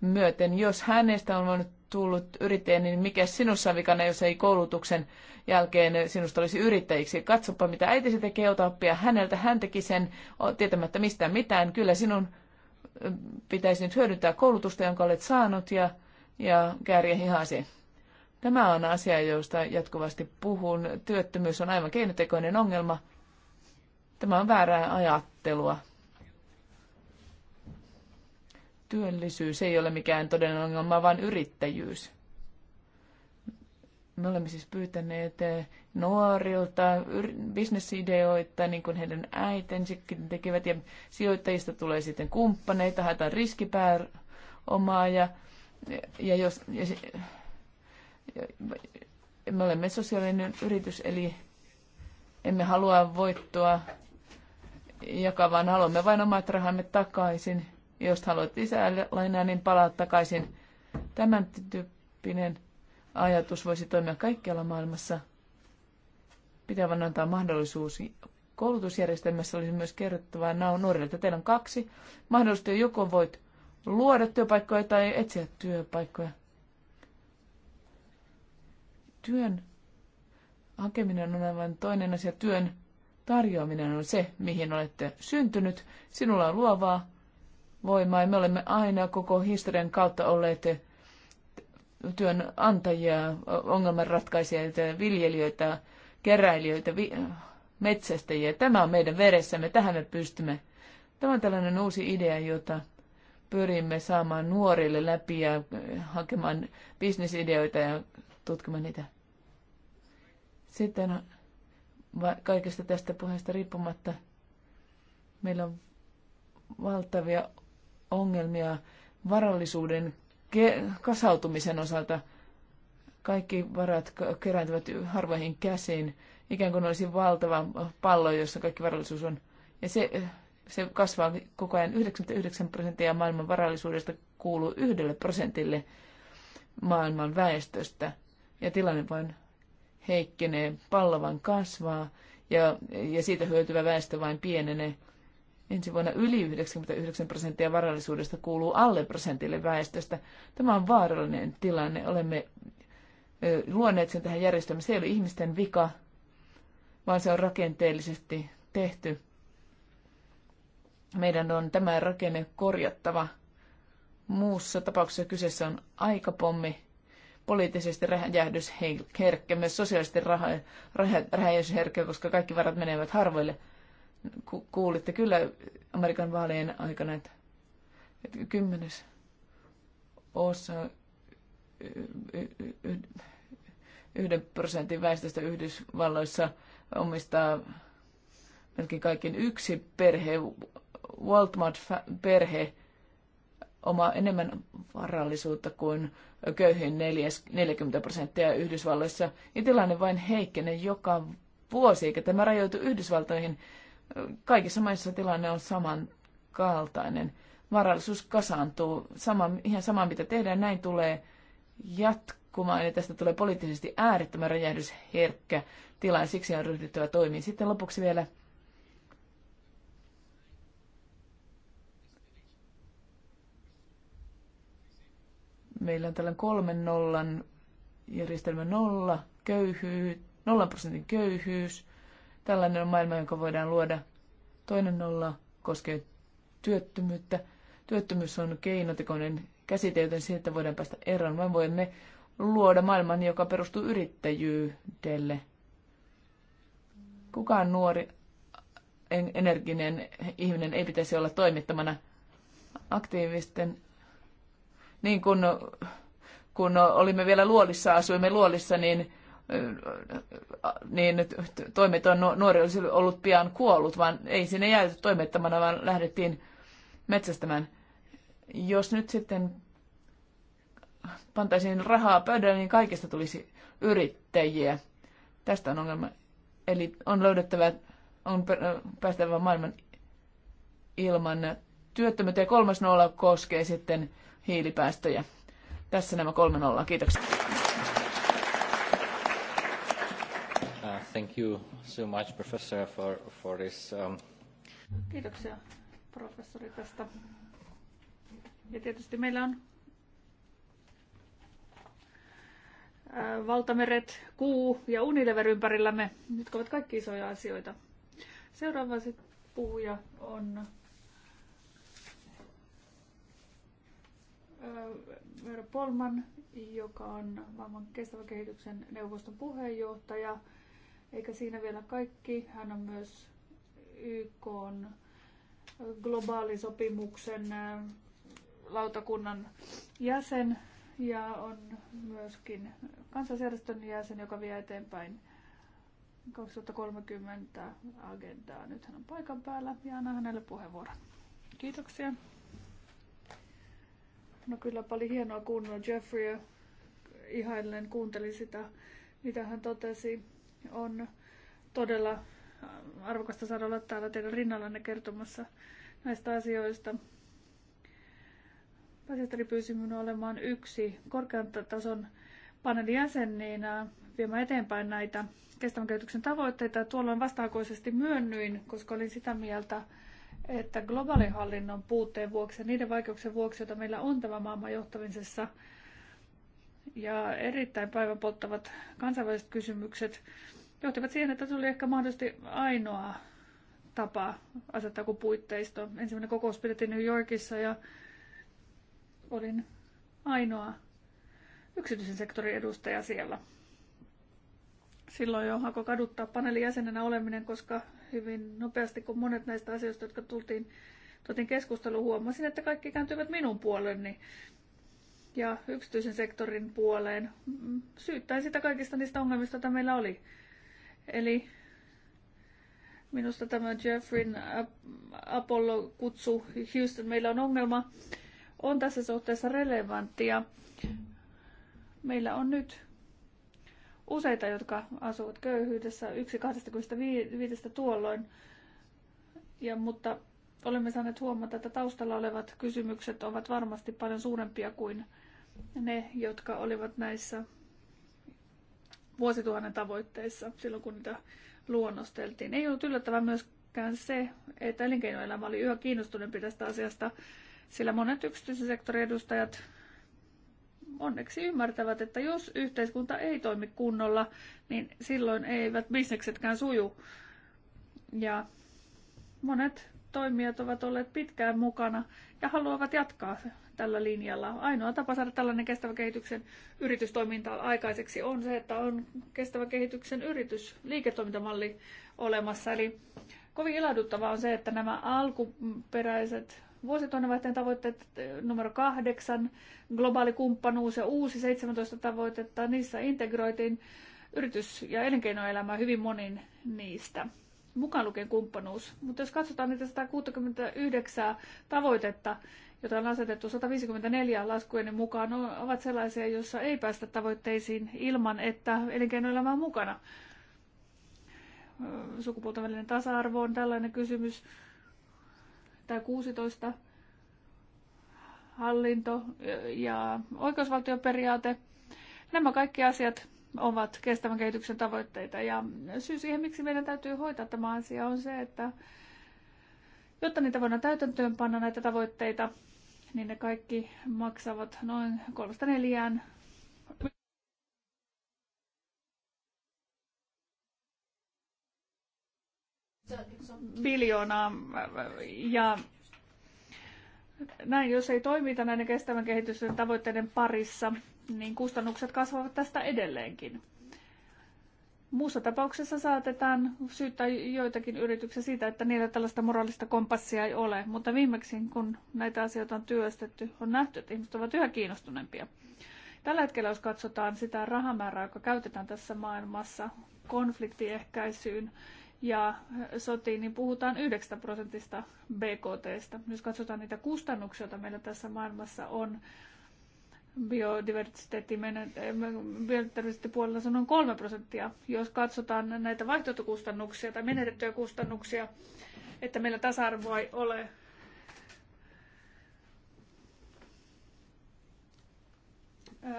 [SPEAKER 1] myöten. Jos hänestä on voinut tullut yrittäjä, niin mikä sinussa on vikana, jos ei koulutuksen jälkeen sinusta olisi yrittäjiksi? Katsopa, mitä äitisi tekee, ota oppia häneltä. Hän teki sen tietämättä mistään mitään. Kyllä sinun pitäisi nyt hyödyntää koulutusta, jonka olet saanut ja, ja kääriä hihasi. Tämä on asia, josta jatkuvasti puhun. Työttömyys on aivan keinotekoinen ongelma. Tämä on väärää ajattelua. Työllisyys ei ole mikään todellinen ongelma, vaan yrittäjyys. Me olemme siis pyytäneet eh, nuorilta bisnesideoita, niin kuin heidän äitensäkin tekevät, ja sijoittajista tulee sitten kumppaneita, haetaan riskipääomaa, ja, ja jos, ja, ja, me olemme sosiaalinen yritys, eli emme halua voittoa jakaa, vaan haluamme vain omat rahamme takaisin. Jos haluat lisää lainaa, niin palaa takaisin. Tämän tyyppinen ajatus voisi toimia kaikkialla maailmassa. Pitää vain antaa mahdollisuus. Koulutusjärjestelmässä olisi myös kerrottavaa nuorille, että teillä on kaksi mahdollisuutta. Joko voit luoda työpaikkoja tai etsiä työpaikkoja. Työn hakeminen on aivan toinen asia. Työn tarjoaminen on se, mihin olette syntynyt. Sinulla on luovaa voimaa. ja Me olemme aina koko historian kautta olleet työnantajia, ongelmanratkaisijoita, viljelijöitä, keräilijöitä, vi- metsästäjiä. Tämä on meidän veressämme, tähän me pystymme. Tämä on tällainen uusi idea, jota pyrimme saamaan nuorille läpi ja hakemaan bisnesideoita ja tutkimaan niitä. Sitten kaikesta tästä puheesta riippumatta meillä on valtavia ongelmia varallisuuden kasautumisen osalta. Kaikki varat kerääntyvät harvoihin käsiin, ikään kuin olisi valtava pallo, jossa kaikki varallisuus on. Ja se, se kasvaa koko ajan 99 prosenttia maailman varallisuudesta kuuluu yhdelle prosentille maailman väestöstä. Ja tilanne vain heikkenee, pallo vain kasvaa ja, ja siitä hyötyvä väestö vain pienenee. Ensi vuonna yli 99 prosenttia varallisuudesta kuuluu alle prosentille väestöstä. Tämä on vaarallinen tilanne. Olemme luoneet sen tähän järjestelmään. Se ei ole ihmisten vika, vaan se on rakenteellisesti tehty. Meidän on tämä rakenne korjattava. Muussa tapauksessa kyseessä on aikapommi, poliittisesti räjähdysherkkä, myös sosiaalisesti räjähdysherkkä, koska kaikki varat menevät harvoille ku- kuulitte kyllä Amerikan vaalien aikana, että, että kymmenes osa yhden prosentin väestöstä Yhdysvalloissa omistaa melkein kaikin yksi perhe, Walmart-perhe, omaa enemmän varallisuutta kuin köyhin 40 prosenttia Yhdysvalloissa. Ja tilanne vain heikkenee joka vuosi, eikä tämä rajoitu Yhdysvaltoihin. Kaikissa maissa tilanne on samankaltainen. Varallisuus kasaantuu sama, ihan samaan, mitä tehdään. Näin tulee jatkumaan ja tästä tulee poliittisesti äärettömän räjähdysherkkä tilanne. Siksi on ryhdyttävä toimiin. Sitten lopuksi vielä meillä on tällainen kolmen nollan järjestelmä nolla, köyhyys, nollan prosentin köyhyys, Tällainen on maailma, jonka voidaan luoda. Toinen nolla koskee työttömyyttä. Työttömyys on keinotekoinen käsite, joten siitä voidaan päästä eroon. Me voimme luoda maailman, joka perustuu yrittäjyydelle. Kukaan nuori energinen ihminen ei pitäisi olla toimittamana aktiivisten. Niin kun, kun olimme vielä luolissa, asuimme luolissa, niin niin toimeton nuori olisi ollut pian kuollut, vaan ei sinne jäänyt toimettamana, vaan lähdettiin metsästämään. Jos nyt sitten pantaisiin rahaa pöydälle, niin kaikista tulisi yrittäjiä. Tästä on ongelma. Eli on löydettävä, on päästävä maailman ilman työttömyyttä. Ja kolmas nolla koskee sitten hiilipäästöjä. Tässä nämä kolme nollaa. Kiitoksia.
[SPEAKER 2] Thank you so much, professor, for, for this. Um... Kiitoksia, professori, tästä. Ja tietysti meillä on äh, valtameret, kuu ja Unilever ympärillämme, jotka ovat kaikki isoja asioita. Seuraava puhuja on äh, Vera Polman, joka on maailman kestävän kehityksen neuvoston puheenjohtaja. Eikä siinä vielä kaikki. Hän on myös YK on globaalisopimuksen lautakunnan jäsen ja on myöskin kansalaisjärjestön jäsen, joka vie eteenpäin 2030 agendaa. Nyt hän on paikan päällä ja annan hänelle puheenvuoron. Kiitoksia. No kyllä paljon hienoa kuunnella Jeffrey Ihaillen kuuntelin sitä, mitä hän totesi on todella arvokasta saada olla täällä teidän rinnallanne kertomassa näistä asioista. Pääsihteeri pyysi minua olemaan yksi korkean tason paneelin jäsen, niin viemään eteenpäin näitä kestävän kehityksen tavoitteita. Tuolloin vastaakoisesti myönnyin, koska olin sitä mieltä, että globaalin hallinnon puutteen vuoksi ja niiden vaikeuksien vuoksi, joita meillä on tämä maailman johtamisessa, ja erittäin päivän polttavat kansainväliset kysymykset johtivat siihen, että se oli ehkä mahdollisesti ainoa tapa asettaa kuin puitteisto. Ensimmäinen kokous pidettiin New Yorkissa ja olin ainoa yksityisen sektorin edustaja siellä. Silloin jo hako kaduttaa paneelin jäsenenä oleminen, koska hyvin nopeasti, kun monet näistä asioista, jotka tultiin, tultiin keskusteluun, huomasin, että kaikki kääntyivät minun puoleni ja yksityisen sektorin puoleen mm, syyttäen sitä kaikista niistä ongelmista, joita meillä oli. Eli minusta tämä Jeffrin Apollo-kutsu Houston, meillä on ongelma, on tässä suhteessa relevanttia. Meillä on nyt useita, jotka asuvat köyhyydessä, yksi 25 tuolloin, ja, mutta olemme saaneet huomata, että taustalla olevat kysymykset ovat varmasti paljon suurempia kuin ne, jotka olivat näissä vuosituhannen tavoitteissa silloin, kun niitä luonnosteltiin. Ei ollut yllättävää myöskään se, että elinkeinoelämä oli yhä kiinnostuneempi tästä asiasta, sillä monet yksityisen sektorin edustajat onneksi ymmärtävät, että jos yhteiskunta ei toimi kunnolla, niin silloin eivät bisneksetkään suju. Ja monet toimijat ovat olleet pitkään mukana ja haluavat jatkaa tällä linjalla. Ainoa tapa saada tällainen kestävän kehityksen yritystoiminta aikaiseksi on se, että on kestävän kehityksen yritys, liiketoimintamalli olemassa. Eli kovin ilahduttavaa on se, että nämä alkuperäiset vuosituhannenvaihteen tavoitteet numero kahdeksan, globaali kumppanuus ja uusi 17 tavoitetta, niissä integroitiin yritys- ja elinkeinoelämä hyvin monin niistä mukaan lukien kumppanuus. Mutta jos katsotaan niitä 169 tavoitetta, joita on asetettu 154 laskujen mukaan, no, ovat sellaisia, joissa ei päästä tavoitteisiin ilman, että elinkeinoelämä on mukana. Sukupuolten välinen tasa-arvo on tällainen kysymys. Tai 16 hallinto ja oikeusvaltioperiaate. Nämä kaikki asiat ovat kestävän kehityksen tavoitteita. Ja syy siihen, miksi meidän täytyy hoitaa tämä asia, on se, että jotta niitä voidaan panna näitä tavoitteita, niin ne kaikki maksavat noin kolmesta neljään
[SPEAKER 3] biljoonaa.
[SPEAKER 2] Ja näin, jos ei toimita näiden kestävän kehityksen tavoitteiden parissa, niin kustannukset kasvavat tästä edelleenkin. Muussa tapauksessa saatetaan syyttää joitakin yrityksiä siitä, että niillä tällaista moraalista kompassia ei ole, mutta viimeksi kun näitä asioita on työstetty, on nähty, että ihmiset ovat yhä kiinnostuneempia. Tällä hetkellä, jos katsotaan sitä rahamäärää, joka käytetään tässä maailmassa konfliktiehkäisyyn ja sotiin, niin puhutaan 9 prosentista BKTstä. Jos katsotaan niitä kustannuksia, joita meillä tässä maailmassa on, puolella se on noin 3 prosenttia. Jos katsotaan näitä vaihtoehtokustannuksia tai menetettyjä kustannuksia, että meillä tasa-arvoa ei ole,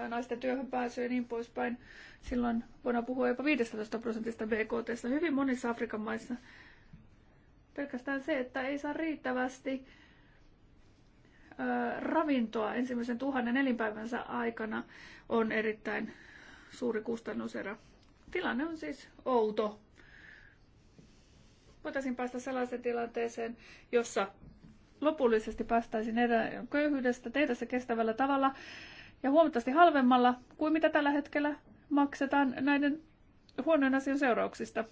[SPEAKER 2] naisten työhön pääsyä ja niin poispäin. Silloin voidaan puhua jopa 15 prosentista BKT. Hyvin monissa Afrikan maissa pelkästään se, että ei saa riittävästi ravintoa ensimmäisen tuhannen elinpäivänsä aikana on erittäin suuri kustannuserä. Tilanne on siis outo. Voitaisiin päästä sellaiseen tilanteeseen, jossa lopullisesti päästäisiin eroon köyhyydestä, tehdä se kestävällä tavalla ja huomattavasti halvemmalla kuin mitä tällä hetkellä maksetaan näiden huonojen asian seurauksista.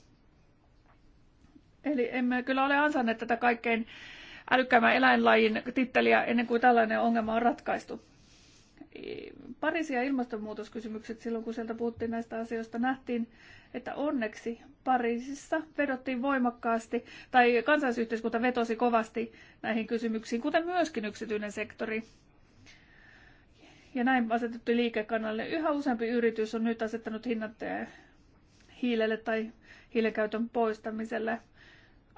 [SPEAKER 2] Eli emme kyllä ole ansainneet tätä kaikkein älykkäimmän eläinlajin titteliä ennen kuin tällainen ongelma on ratkaistu. Pariisia ilmastonmuutoskysymykset silloin, kun sieltä puhuttiin näistä asioista, nähtiin, että onneksi Pariisissa vedottiin voimakkaasti, tai kansallisyhteiskunta vetosi kovasti näihin kysymyksiin, kuten myöskin yksityinen sektori. Ja näin asetettu liikekannalle. Yhä useampi yritys on nyt asettanut hinnat eh, hiilelle tai hiilenkäytön poistamiselle –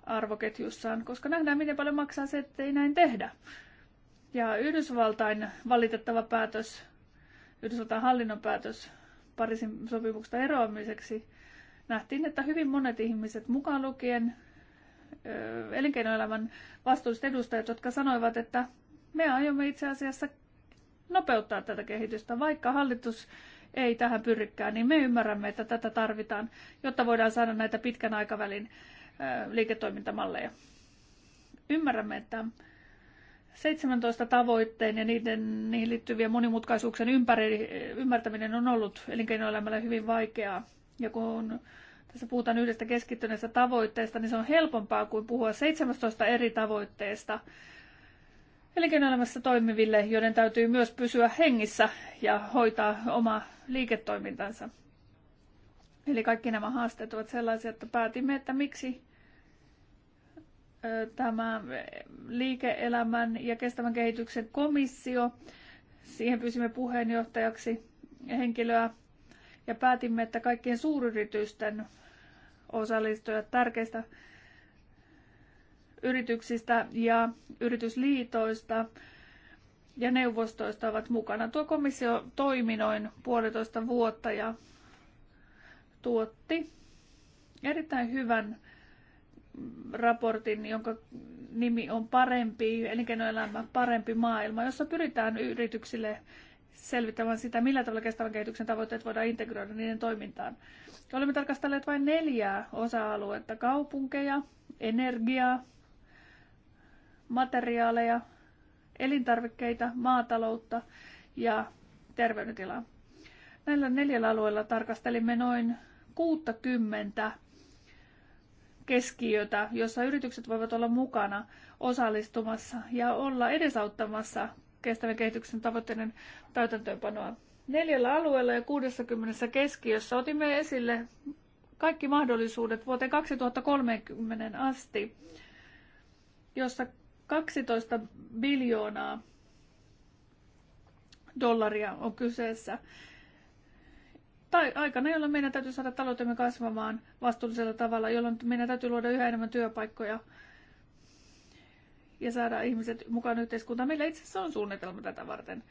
[SPEAKER 2] arvoketjussaan, koska nähdään, miten paljon maksaa se, ettei näin tehdä. Ja Yhdysvaltain valitettava päätös, Yhdysvaltain hallinnon päätös Pariisin sopimuksesta eroamiseksi, nähtiin, että hyvin monet ihmiset, mukaan lukien ö, elinkeinoelämän vastuulliset edustajat, jotka sanoivat, että me aiomme itse asiassa nopeuttaa tätä kehitystä, vaikka hallitus ei tähän pyrkkää, niin me ymmärrämme, että tätä tarvitaan, jotta voidaan saada näitä pitkän aikavälin liiketoimintamalleja. Ymmärrämme, että 17 tavoitteen ja niiden, niihin liittyvien monimutkaisuuksien ympäri, ymmärtäminen on ollut elinkeinoelämälle hyvin vaikeaa. Ja kun tässä puhutaan yhdestä keskittyneestä tavoitteesta, niin se on helpompaa kuin puhua 17 eri tavoitteesta elinkeinoelämässä toimiville, joiden täytyy myös pysyä hengissä ja hoitaa oma liiketoimintansa. Eli kaikki nämä haasteet ovat sellaisia, että päätimme, että miksi tämä liike-elämän ja kestävän kehityksen komissio. Siihen pysimme puheenjohtajaksi henkilöä ja päätimme, että kaikkien suuryritysten osallistujat tärkeistä yrityksistä ja yritysliitoista ja neuvostoista ovat mukana. Tuo komissio toimi noin puolitoista vuotta ja tuotti erittäin hyvän raportin, jonka nimi on Parempi elinkeinoelämä, parempi maailma, jossa pyritään yrityksille selvittämään sitä, millä tavalla kestävän kehityksen tavoitteet voidaan integroida niiden toimintaan. Olemme tarkastelleet vain neljää osa-aluetta, kaupunkeja, energiaa, materiaaleja, elintarvikkeita, maataloutta ja terveydentilaa. Näillä neljällä alueella tarkastelimme noin 60 keskiötä, jossa yritykset voivat olla mukana osallistumassa ja olla edesauttamassa kestävän kehityksen tavoitteiden täytäntöönpanoa. Neljällä alueella ja 60 keskiössä otimme esille kaikki mahdollisuudet vuoteen 2030 asti, jossa 12 biljoonaa dollaria on kyseessä tai aikana, jolloin meidän täytyy saada taloutemme kasvamaan vastuullisella tavalla, jolloin meidän täytyy luoda yhä enemmän työpaikkoja ja saada ihmiset mukaan yhteiskuntaan. Meillä itse asiassa on suunnitelma tätä varten.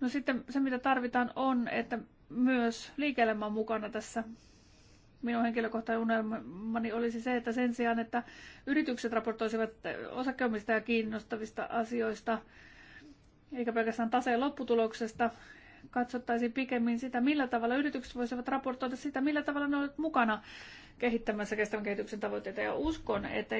[SPEAKER 2] No sitten se, mitä tarvitaan, on, että myös liike on mukana tässä. Minun henkilökohtainen unelmani olisi se, että sen sijaan, että yritykset raportoisivat ja kiinnostavista asioista, eikä pelkästään taseen lopputuloksesta, katsottaisiin pikemmin sitä, millä tavalla yritykset voisivat raportoida sitä, millä tavalla ne ovat mukana kehittämässä kestävän kehityksen tavoitteita. Ja uskon, että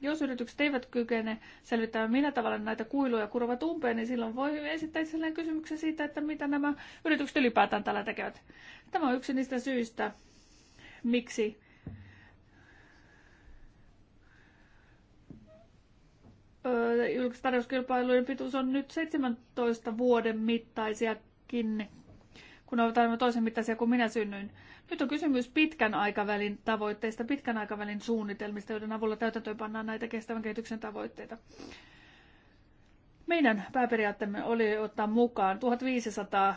[SPEAKER 2] jos yritykset eivät kykene selvittämään, millä tavalla näitä kuiluja kurovat umpeen, niin silloin voi esittää itselleen kysymyksen siitä, että mitä nämä yritykset ylipäätään tällä tekevät. Tämä on yksi niistä syistä, miksi julkistarjouskilpailujen pituus on nyt 17 vuoden mittaisia kuitenkin, kun olet aivan toisen mittaisia kuin minä synnyin. Nyt on kysymys pitkän aikavälin tavoitteista, pitkän aikavälin suunnitelmista, joiden avulla täytäntöön pannaan näitä kestävän kehityksen tavoitteita. Meidän pääperiaatteemme oli ottaa mukaan 1500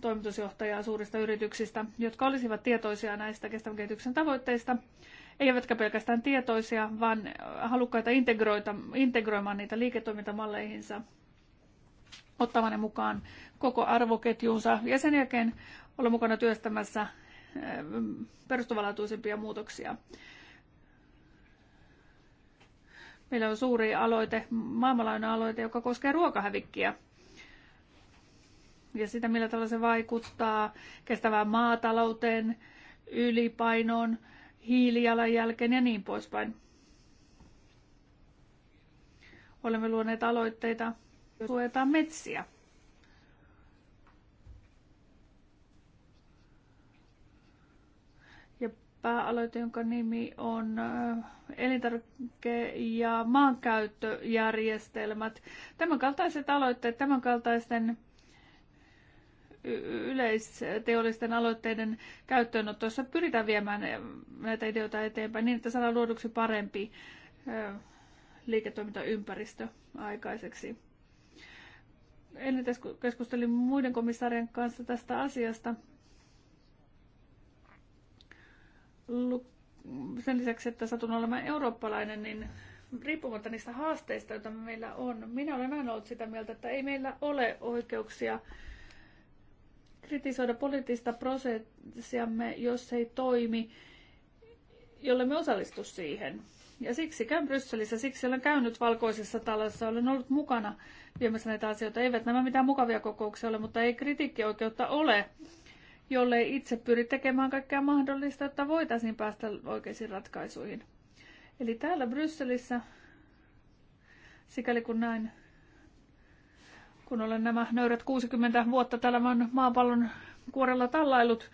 [SPEAKER 2] toimitusjohtajaa suurista yrityksistä, jotka olisivat tietoisia näistä kestävän kehityksen tavoitteista, eivätkä pelkästään tietoisia, vaan halukkaita integroimaan niitä liiketoimintamalleihinsa ottamaan ne mukaan koko arvoketjuunsa ja sen jälkeen olla mukana työstämässä eh, perustavanlaatuisempia muutoksia. Meillä on suuri aloite, maailmanlainen aloite, joka koskee ruokahävikkiä ja sitä, millä tavalla se vaikuttaa kestävään maatalouteen, ylipainoon, hiilijalanjälkeen ja niin poispäin. Olemme luoneet aloitteita suojataan metsiä. Ja pääaloite, jonka nimi on äh, elintarvike- ja maankäyttöjärjestelmät. Tämän kaltaiset aloitteet, tämän kaltaisten yleisteollisten aloitteiden käyttöönotossa pyritään viemään äh, näitä ideoita eteenpäin niin, että saadaan luoduksi parempi äh, liiketoimintaympäristö aikaiseksi. Ennen keskustelin muiden komissaarien kanssa tästä asiasta. Sen lisäksi, että satun olemaan eurooppalainen, niin riippumatta niistä haasteista, joita meillä on, minä olen aina ollut sitä mieltä, että ei meillä ole oikeuksia kritisoida poliittista prosessiamme, jos se ei toimi, jolle me osallistu siihen. Ja siksi käyn Brysselissä, siksi olen käynyt valkoisessa talossa, olen ollut mukana viemässä näitä asioita. Eivät nämä mitään mukavia kokouksia ole, mutta ei kritiikkioikeutta ole, jollei itse pyri tekemään kaikkea mahdollista, että voitaisiin päästä oikeisiin ratkaisuihin. Eli täällä Brysselissä, sikäli kun näin, kun olen nämä nöyrät 60 vuotta täällä maapallon kuorella tallailut,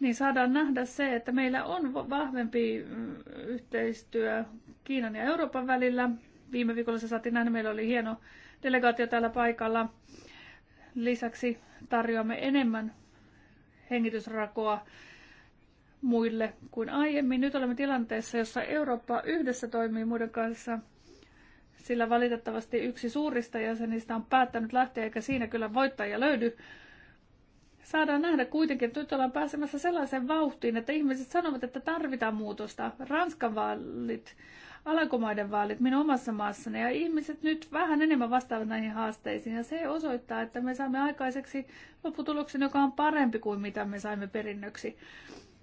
[SPEAKER 2] niin saadaan nähdä se, että meillä on vahvempi mm, yhteistyö Kiinan ja Euroopan välillä. Viime viikolla se saatiin nähdä, meillä oli hieno delegaatio täällä paikalla. Lisäksi tarjoamme enemmän hengitysrakoa muille kuin aiemmin. Nyt olemme tilanteessa, jossa Eurooppa yhdessä toimii muiden kanssa, sillä valitettavasti yksi suurista jäsenistä on päättänyt lähteä, eikä siinä kyllä voittajia löydy saadaan nähdä kuitenkin, että nyt ollaan pääsemässä sellaiseen vauhtiin, että ihmiset sanovat, että tarvitaan muutosta. Ranskan vaalit, Alankomaiden vaalit minun omassa maassani ja ihmiset nyt vähän enemmän vastaavat näihin haasteisiin ja se osoittaa, että me saamme aikaiseksi lopputuloksen, joka on parempi kuin mitä me saimme perinnöksi.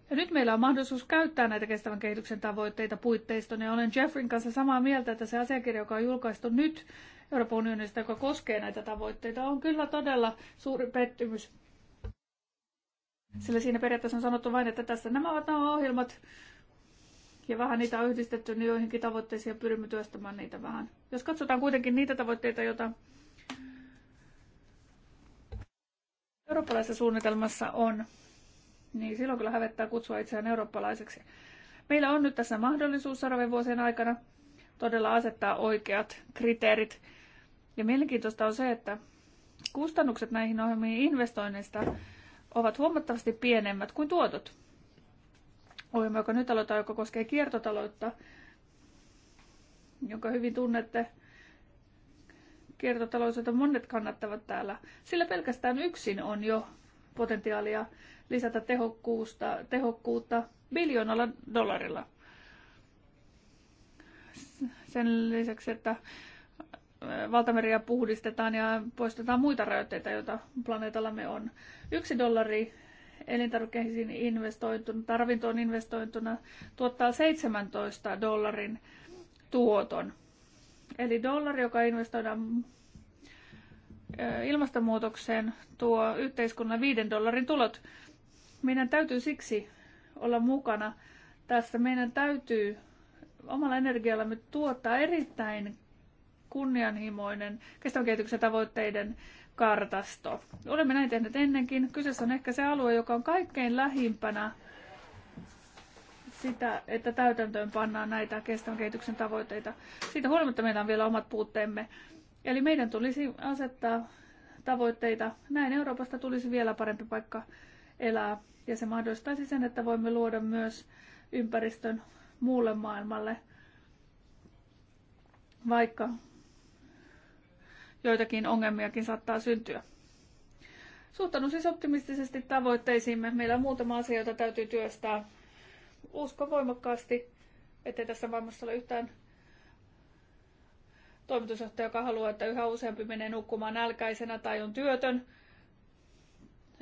[SPEAKER 2] Ja nyt meillä on mahdollisuus käyttää näitä kestävän kehityksen tavoitteita puitteiston ja olen Jeffrin kanssa samaa mieltä, että se asiakirja, joka on julkaistu nyt Euroopan unionista, joka koskee näitä tavoitteita, on kyllä todella suuri pettymys sillä siinä periaatteessa on sanottu vain, että tässä nämä ovat nämä ohjelmat, ja vähän niitä on yhdistetty niin joihinkin tavoitteisiin ja pyrimme työstämään niitä vähän. Jos katsotaan kuitenkin niitä tavoitteita, joita eurooppalaisessa suunnitelmassa on, niin silloin kyllä hävettää kutsua itseään eurooppalaiseksi. Meillä on nyt tässä mahdollisuus seuraavien vuosien aikana todella asettaa oikeat kriteerit. Ja mielenkiintoista on se, että kustannukset näihin ohjelmiin investoinnista ovat huomattavasti pienemmät kuin tuotot. Ohjelma, joka nyt aloittaa, joka koskee kiertotaloutta, jonka hyvin tunnette, kiertotalous, jota monet kannattavat täällä. Sillä pelkästään yksin on jo potentiaalia lisätä tehokkuusta, tehokkuutta biljoonalla dollarilla. Sen lisäksi, että valtameriä puhdistetaan ja poistetaan muita rajoitteita, joita planeetallamme on. Yksi dollari elintarvikkeisiin investointuna, tarvintoon investointuna tuottaa 17 dollarin tuoton. Eli dollari, joka investoidaan ilmastonmuutokseen, tuo yhteiskunnan 5 dollarin tulot. Meidän täytyy siksi olla mukana tässä. Meidän täytyy omalla energiallamme tuottaa erittäin kunnianhimoinen kestävän kehityksen tavoitteiden kartasto. Olemme näin tehneet ennenkin. Kyseessä on ehkä se alue, joka on kaikkein lähimpänä sitä, että täytäntöön pannaan näitä kestävän kehityksen tavoitteita. Siitä huolimatta meillä on vielä omat puutteemme. Eli meidän tulisi asettaa tavoitteita. Näin Euroopasta tulisi vielä parempi paikka elää. Ja se mahdollistaisi sen, että voimme luoda myös ympäristön muulle maailmalle, vaikka joitakin ongelmiakin saattaa syntyä. Suhtaudun siis optimistisesti tavoitteisiimme. Meillä on muutama asia, jota täytyy työstää. Uskon voimakkaasti, ettei tässä maailmassa ole yhtään toimitusjohtaja, joka haluaa, että yhä useampi menee nukkumaan nälkäisenä tai on työtön.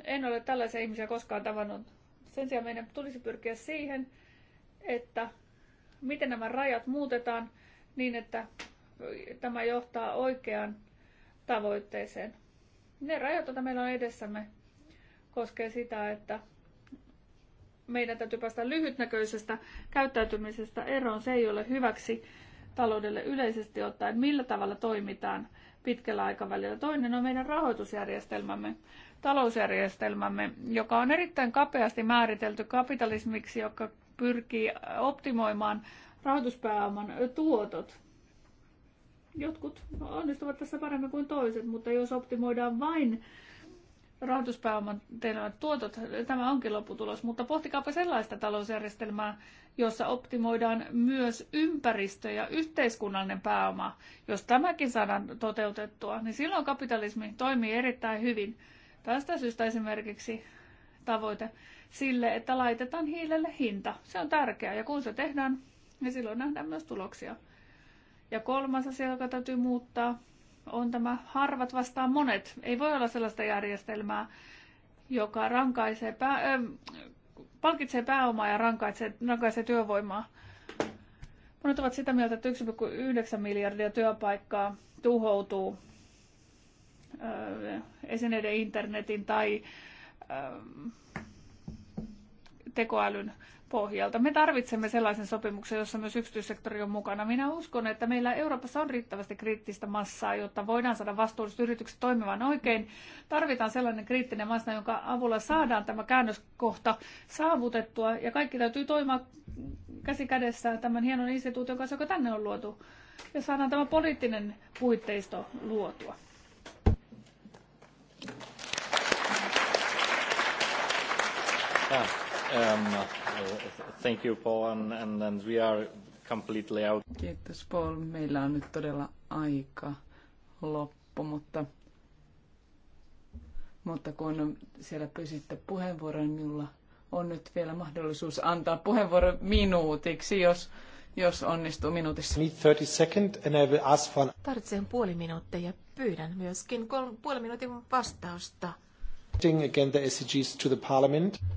[SPEAKER 2] En ole tällaisia ihmisiä koskaan tavannut. Sen sijaan meidän tulisi pyrkiä siihen, että miten nämä rajat muutetaan niin, että tämä johtaa oikeaan tavoitteeseen. Ne rajat, joita meillä on edessämme, koskee sitä, että meidän täytyy päästä lyhytnäköisestä käyttäytymisestä eroon. Se ei ole hyväksi taloudelle yleisesti ottaen, millä tavalla toimitaan pitkällä aikavälillä. Toinen on meidän rahoitusjärjestelmämme, talousjärjestelmämme, joka on erittäin kapeasti määritelty kapitalismiksi, joka pyrkii optimoimaan rahoituspääoman tuotot jotkut onnistuvat tässä paremmin kuin toiset, mutta jos optimoidaan vain rahoituspääoman tekemät tuotot, tämä onkin lopputulos, mutta pohtikaapa sellaista talousjärjestelmää, jossa optimoidaan myös ympäristö ja yhteiskunnallinen pääoma. Jos tämäkin saadaan toteutettua, niin silloin kapitalismi toimii erittäin hyvin. Tästä syystä esimerkiksi tavoite sille, että laitetaan hiilelle hinta. Se on tärkeää ja kun se tehdään, niin silloin nähdään myös tuloksia. Ja kolmas asia, joka täytyy muuttaa, on tämä harvat vastaan monet. Ei voi olla sellaista järjestelmää, joka rankaisee pää, ö, palkitsee pääomaa ja rankaisee, rankaisee työvoimaa. Monet ovat sitä mieltä, että 1,9 miljardia työpaikkaa tuhoutuu ö, esineiden internetin tai ö, tekoälyn pohjalta. Me tarvitsemme sellaisen sopimuksen, jossa myös yksityissektori on mukana. Minä uskon, että meillä Euroopassa on riittävästi kriittistä massaa, jotta voidaan saada vastuulliset yritykset toimimaan oikein. Tarvitaan sellainen kriittinen massa, jonka avulla saadaan tämä käännöskohta saavutettua. Ja kaikki täytyy toimia käsi kädessä tämän hienon instituution kanssa, joka tänne on luotu. Ja saadaan tämä poliittinen puitteisto luotua. Ah. Um, uh, thank you, Paul, and, and, we are completely out.
[SPEAKER 1] Kiitos, Paul. Meillä on nyt todella aika loppu, mutta, mutta kun siellä pysitte puheenvuoron, minulla on nyt vielä mahdollisuus antaa puheenvuoro minuutiksi, jos, jos onnistuu minuutissa. Need
[SPEAKER 2] 30 second and I will ask
[SPEAKER 1] for...
[SPEAKER 3] Tarvitsen puoli minuuttia ja pyydän myöskin puoli minuutin vastausta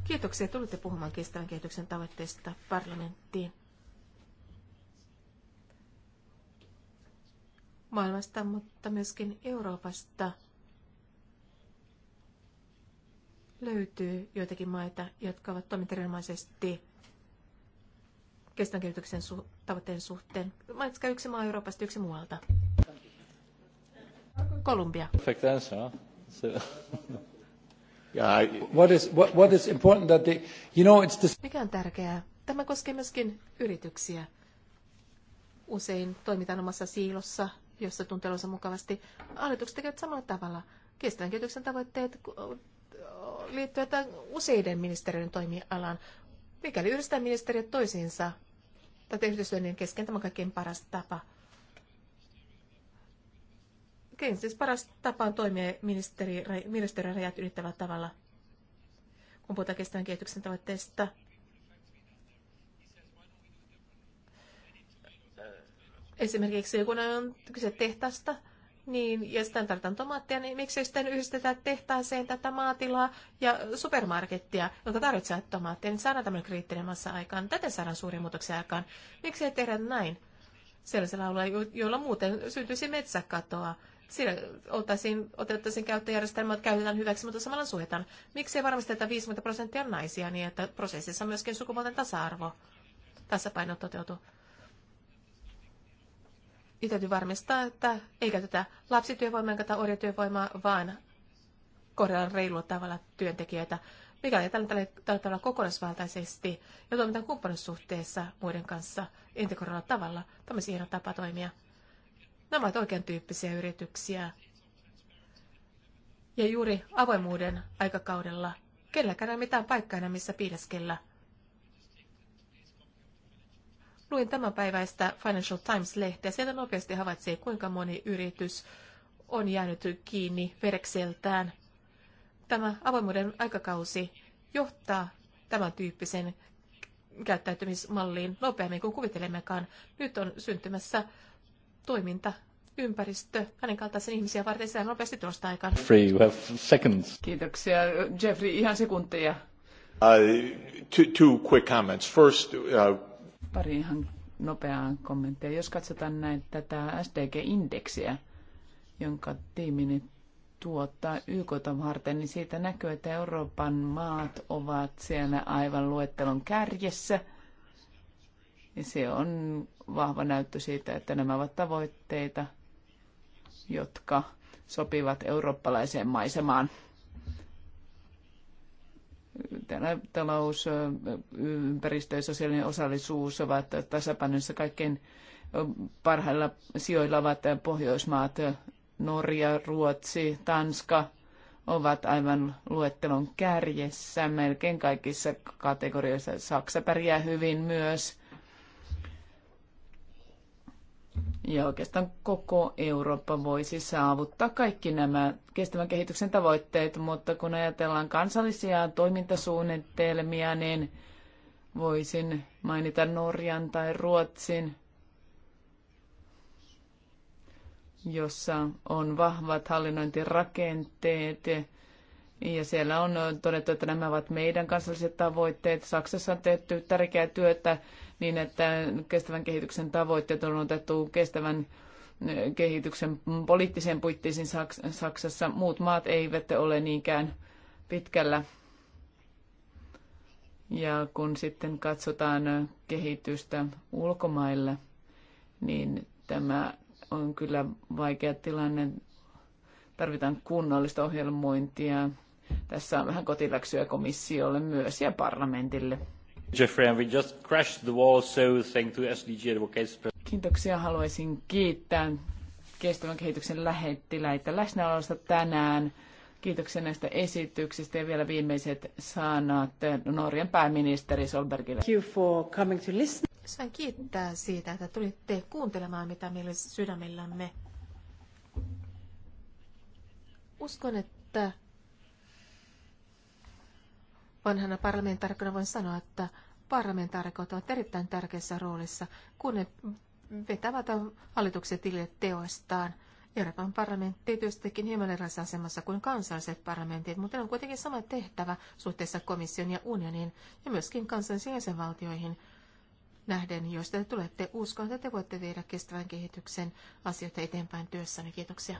[SPEAKER 3] Kiitoksia, tulitte puhumaan kestävän kehityksen tavoitteista parlamenttiin. Maailmasta, mutta myöskin Euroopasta löytyy joitakin maita, jotka ovat toimintarilmaisesti kestävän kehityksen su- tavoitteen suhteen. Mainitsikaa yksi maa Euroopasta, yksi muualta. Kolumbia.
[SPEAKER 1] Perfect answer. So.
[SPEAKER 3] Mikä on tärkeää? Tämä koskee myöskin yrityksiä. Usein toimitaan omassa siilossa, jossa tuntelonsa mukavasti. Hallitukset tekevät samalla tavalla. Kestävän kehityksen tavoitteet liittyvät useiden ministeriöiden toimialaan. Mikäli yhdistää ministeriöt toisiinsa, tai yhteistyön niin kesken, tämä on kaikkein paras tapa – kenties siis paras tapa on toimia ministeri, ministeriön rajat ylittävällä tavalla, kun puhutaan kestävän kehityksen tavoitteista. Esimerkiksi kun on kyse tehtaasta, niin, ja sitten tarvitaan tomaattia, niin miksei sitten yhdistetä tehtaaseen tätä maatilaa ja supermarkettia, jotka tarvitsee tomaattia, niin saadaan tämmöinen kriittinen massa aikaan. Täten saadaan suuria muutoksia aikaan. Miksei tehdä näin? Sellaisella alueella, joilla muuten syntyisi metsäkatoa Siinä oltaisiin, otettaisiin käyttöjärjestelmä, että käytetään hyväksi, mutta samalla suhetaan. Miksi ei varmisteta 50 prosenttia naisia niin, että prosessissa on myöskin sukupuolten tasa-arvo tasapaino toteutuu? Ja täytyy varmistaa, että ei käytetä lapsityövoimaa tai orjatyövoimaa, vaan kohdellaan reilulla tavalla työntekijöitä, mikä ei tällä, tällä, tavalla kokonaisvaltaisesti ja toimitaan kumppanussuhteessa muiden kanssa integroidulla tavalla. Tämä on siis hieno tapa toimia. Nämä ovat oikean tyyppisiä yrityksiä. Ja juuri avoimuuden aikakaudella kenelläkään ei mitään paikkaa missä piileskellä. Luin tämänpäiväistä Financial Times-lehteä. Sieltä nopeasti havaitsee, kuinka moni yritys on jäänyt kiinni verekseltään. Tämä avoimuuden aikakausi johtaa tämän tyyppisen käyttäytymismalliin nopeammin kuin kuvittelemmekaan Nyt on syntymässä toiminta ympäristö hänen kaltaisen ihmisiä varten sitä nopeasti tuosta aikaan. Free,
[SPEAKER 1] you have seconds.
[SPEAKER 3] Kiitoksia. Jeffrey, ihan sekunteja.
[SPEAKER 1] Uh, two, two quick comments. First, uh... Pari ihan nopeaa kommenttia. Jos katsotaan näin tätä SDG-indeksiä, jonka tiimini tuottaa YK varten, niin siitä näkyy, että Euroopan maat ovat siellä aivan luettelon kärjessä – niin se on vahva näyttö siitä, että nämä ovat tavoitteita, jotka sopivat eurooppalaiseen maisemaan. Tänä talous, ympäristö ja sosiaalinen osallisuus ovat tasapainossa kaikkein parhailla sijoilla ovat Pohjoismaat, Norja, Ruotsi, Tanska ovat aivan luettelon kärjessä melkein kaikissa kategorioissa. Saksa pärjää hyvin myös Ja oikeastaan koko Eurooppa voisi saavuttaa kaikki nämä kestävän kehityksen tavoitteet, mutta kun ajatellaan kansallisia toimintasuunnitelmia, niin voisin mainita Norjan tai Ruotsin, jossa on vahvat hallinnointirakenteet ja siellä on todettu, että nämä ovat meidän kansalliset tavoitteet. Saksassa on tehty tärkeää työtä niin, että kestävän kehityksen tavoitteet on otettu kestävän eh, kehityksen poliittiseen puitteisiin Saksassa. Muut maat eivät ole niinkään pitkällä. Ja kun sitten katsotaan eh, kehitystä ulkomailla, niin tämä on kyllä vaikea tilanne. Tarvitaan kunnollista ohjelmointia. Tässä on vähän kotiläksyä komissiolle myös ja parlamentille.
[SPEAKER 2] Jeffrey, and we just crashed the wall, so thank to SDG advocates.
[SPEAKER 1] Kiitoksia, haluaisin kiittää kestävän kehityksen lähettiläitä läsnäolosta tänään. Kiitoksia näistä esityksistä ja vielä viimeiset sanat Norjan pääministeri Solbergille. Thank you for coming to listen.
[SPEAKER 3] Sain kiittää siitä, että tulitte kuuntelemaan, mitä meillä sydämellämme. Uskon, että vanhana parlamentaarikkona voin sanoa, että parlamentaarikot ovat erittäin tärkeässä roolissa, kun ne vetävät hallituksen tilille teoistaan. Euroopan parlamentti tietystikin hieman erilaisessa asemassa kuin kansalliset parlamentit, mutta ne on kuitenkin sama tehtävä suhteessa komission ja unionin ja myöskin kansallisiin jäsenvaltioihin nähden, joista te tulette uskon, että te voitte viedä kestävän kehityksen asioita eteenpäin työssäni. Kiitoksia.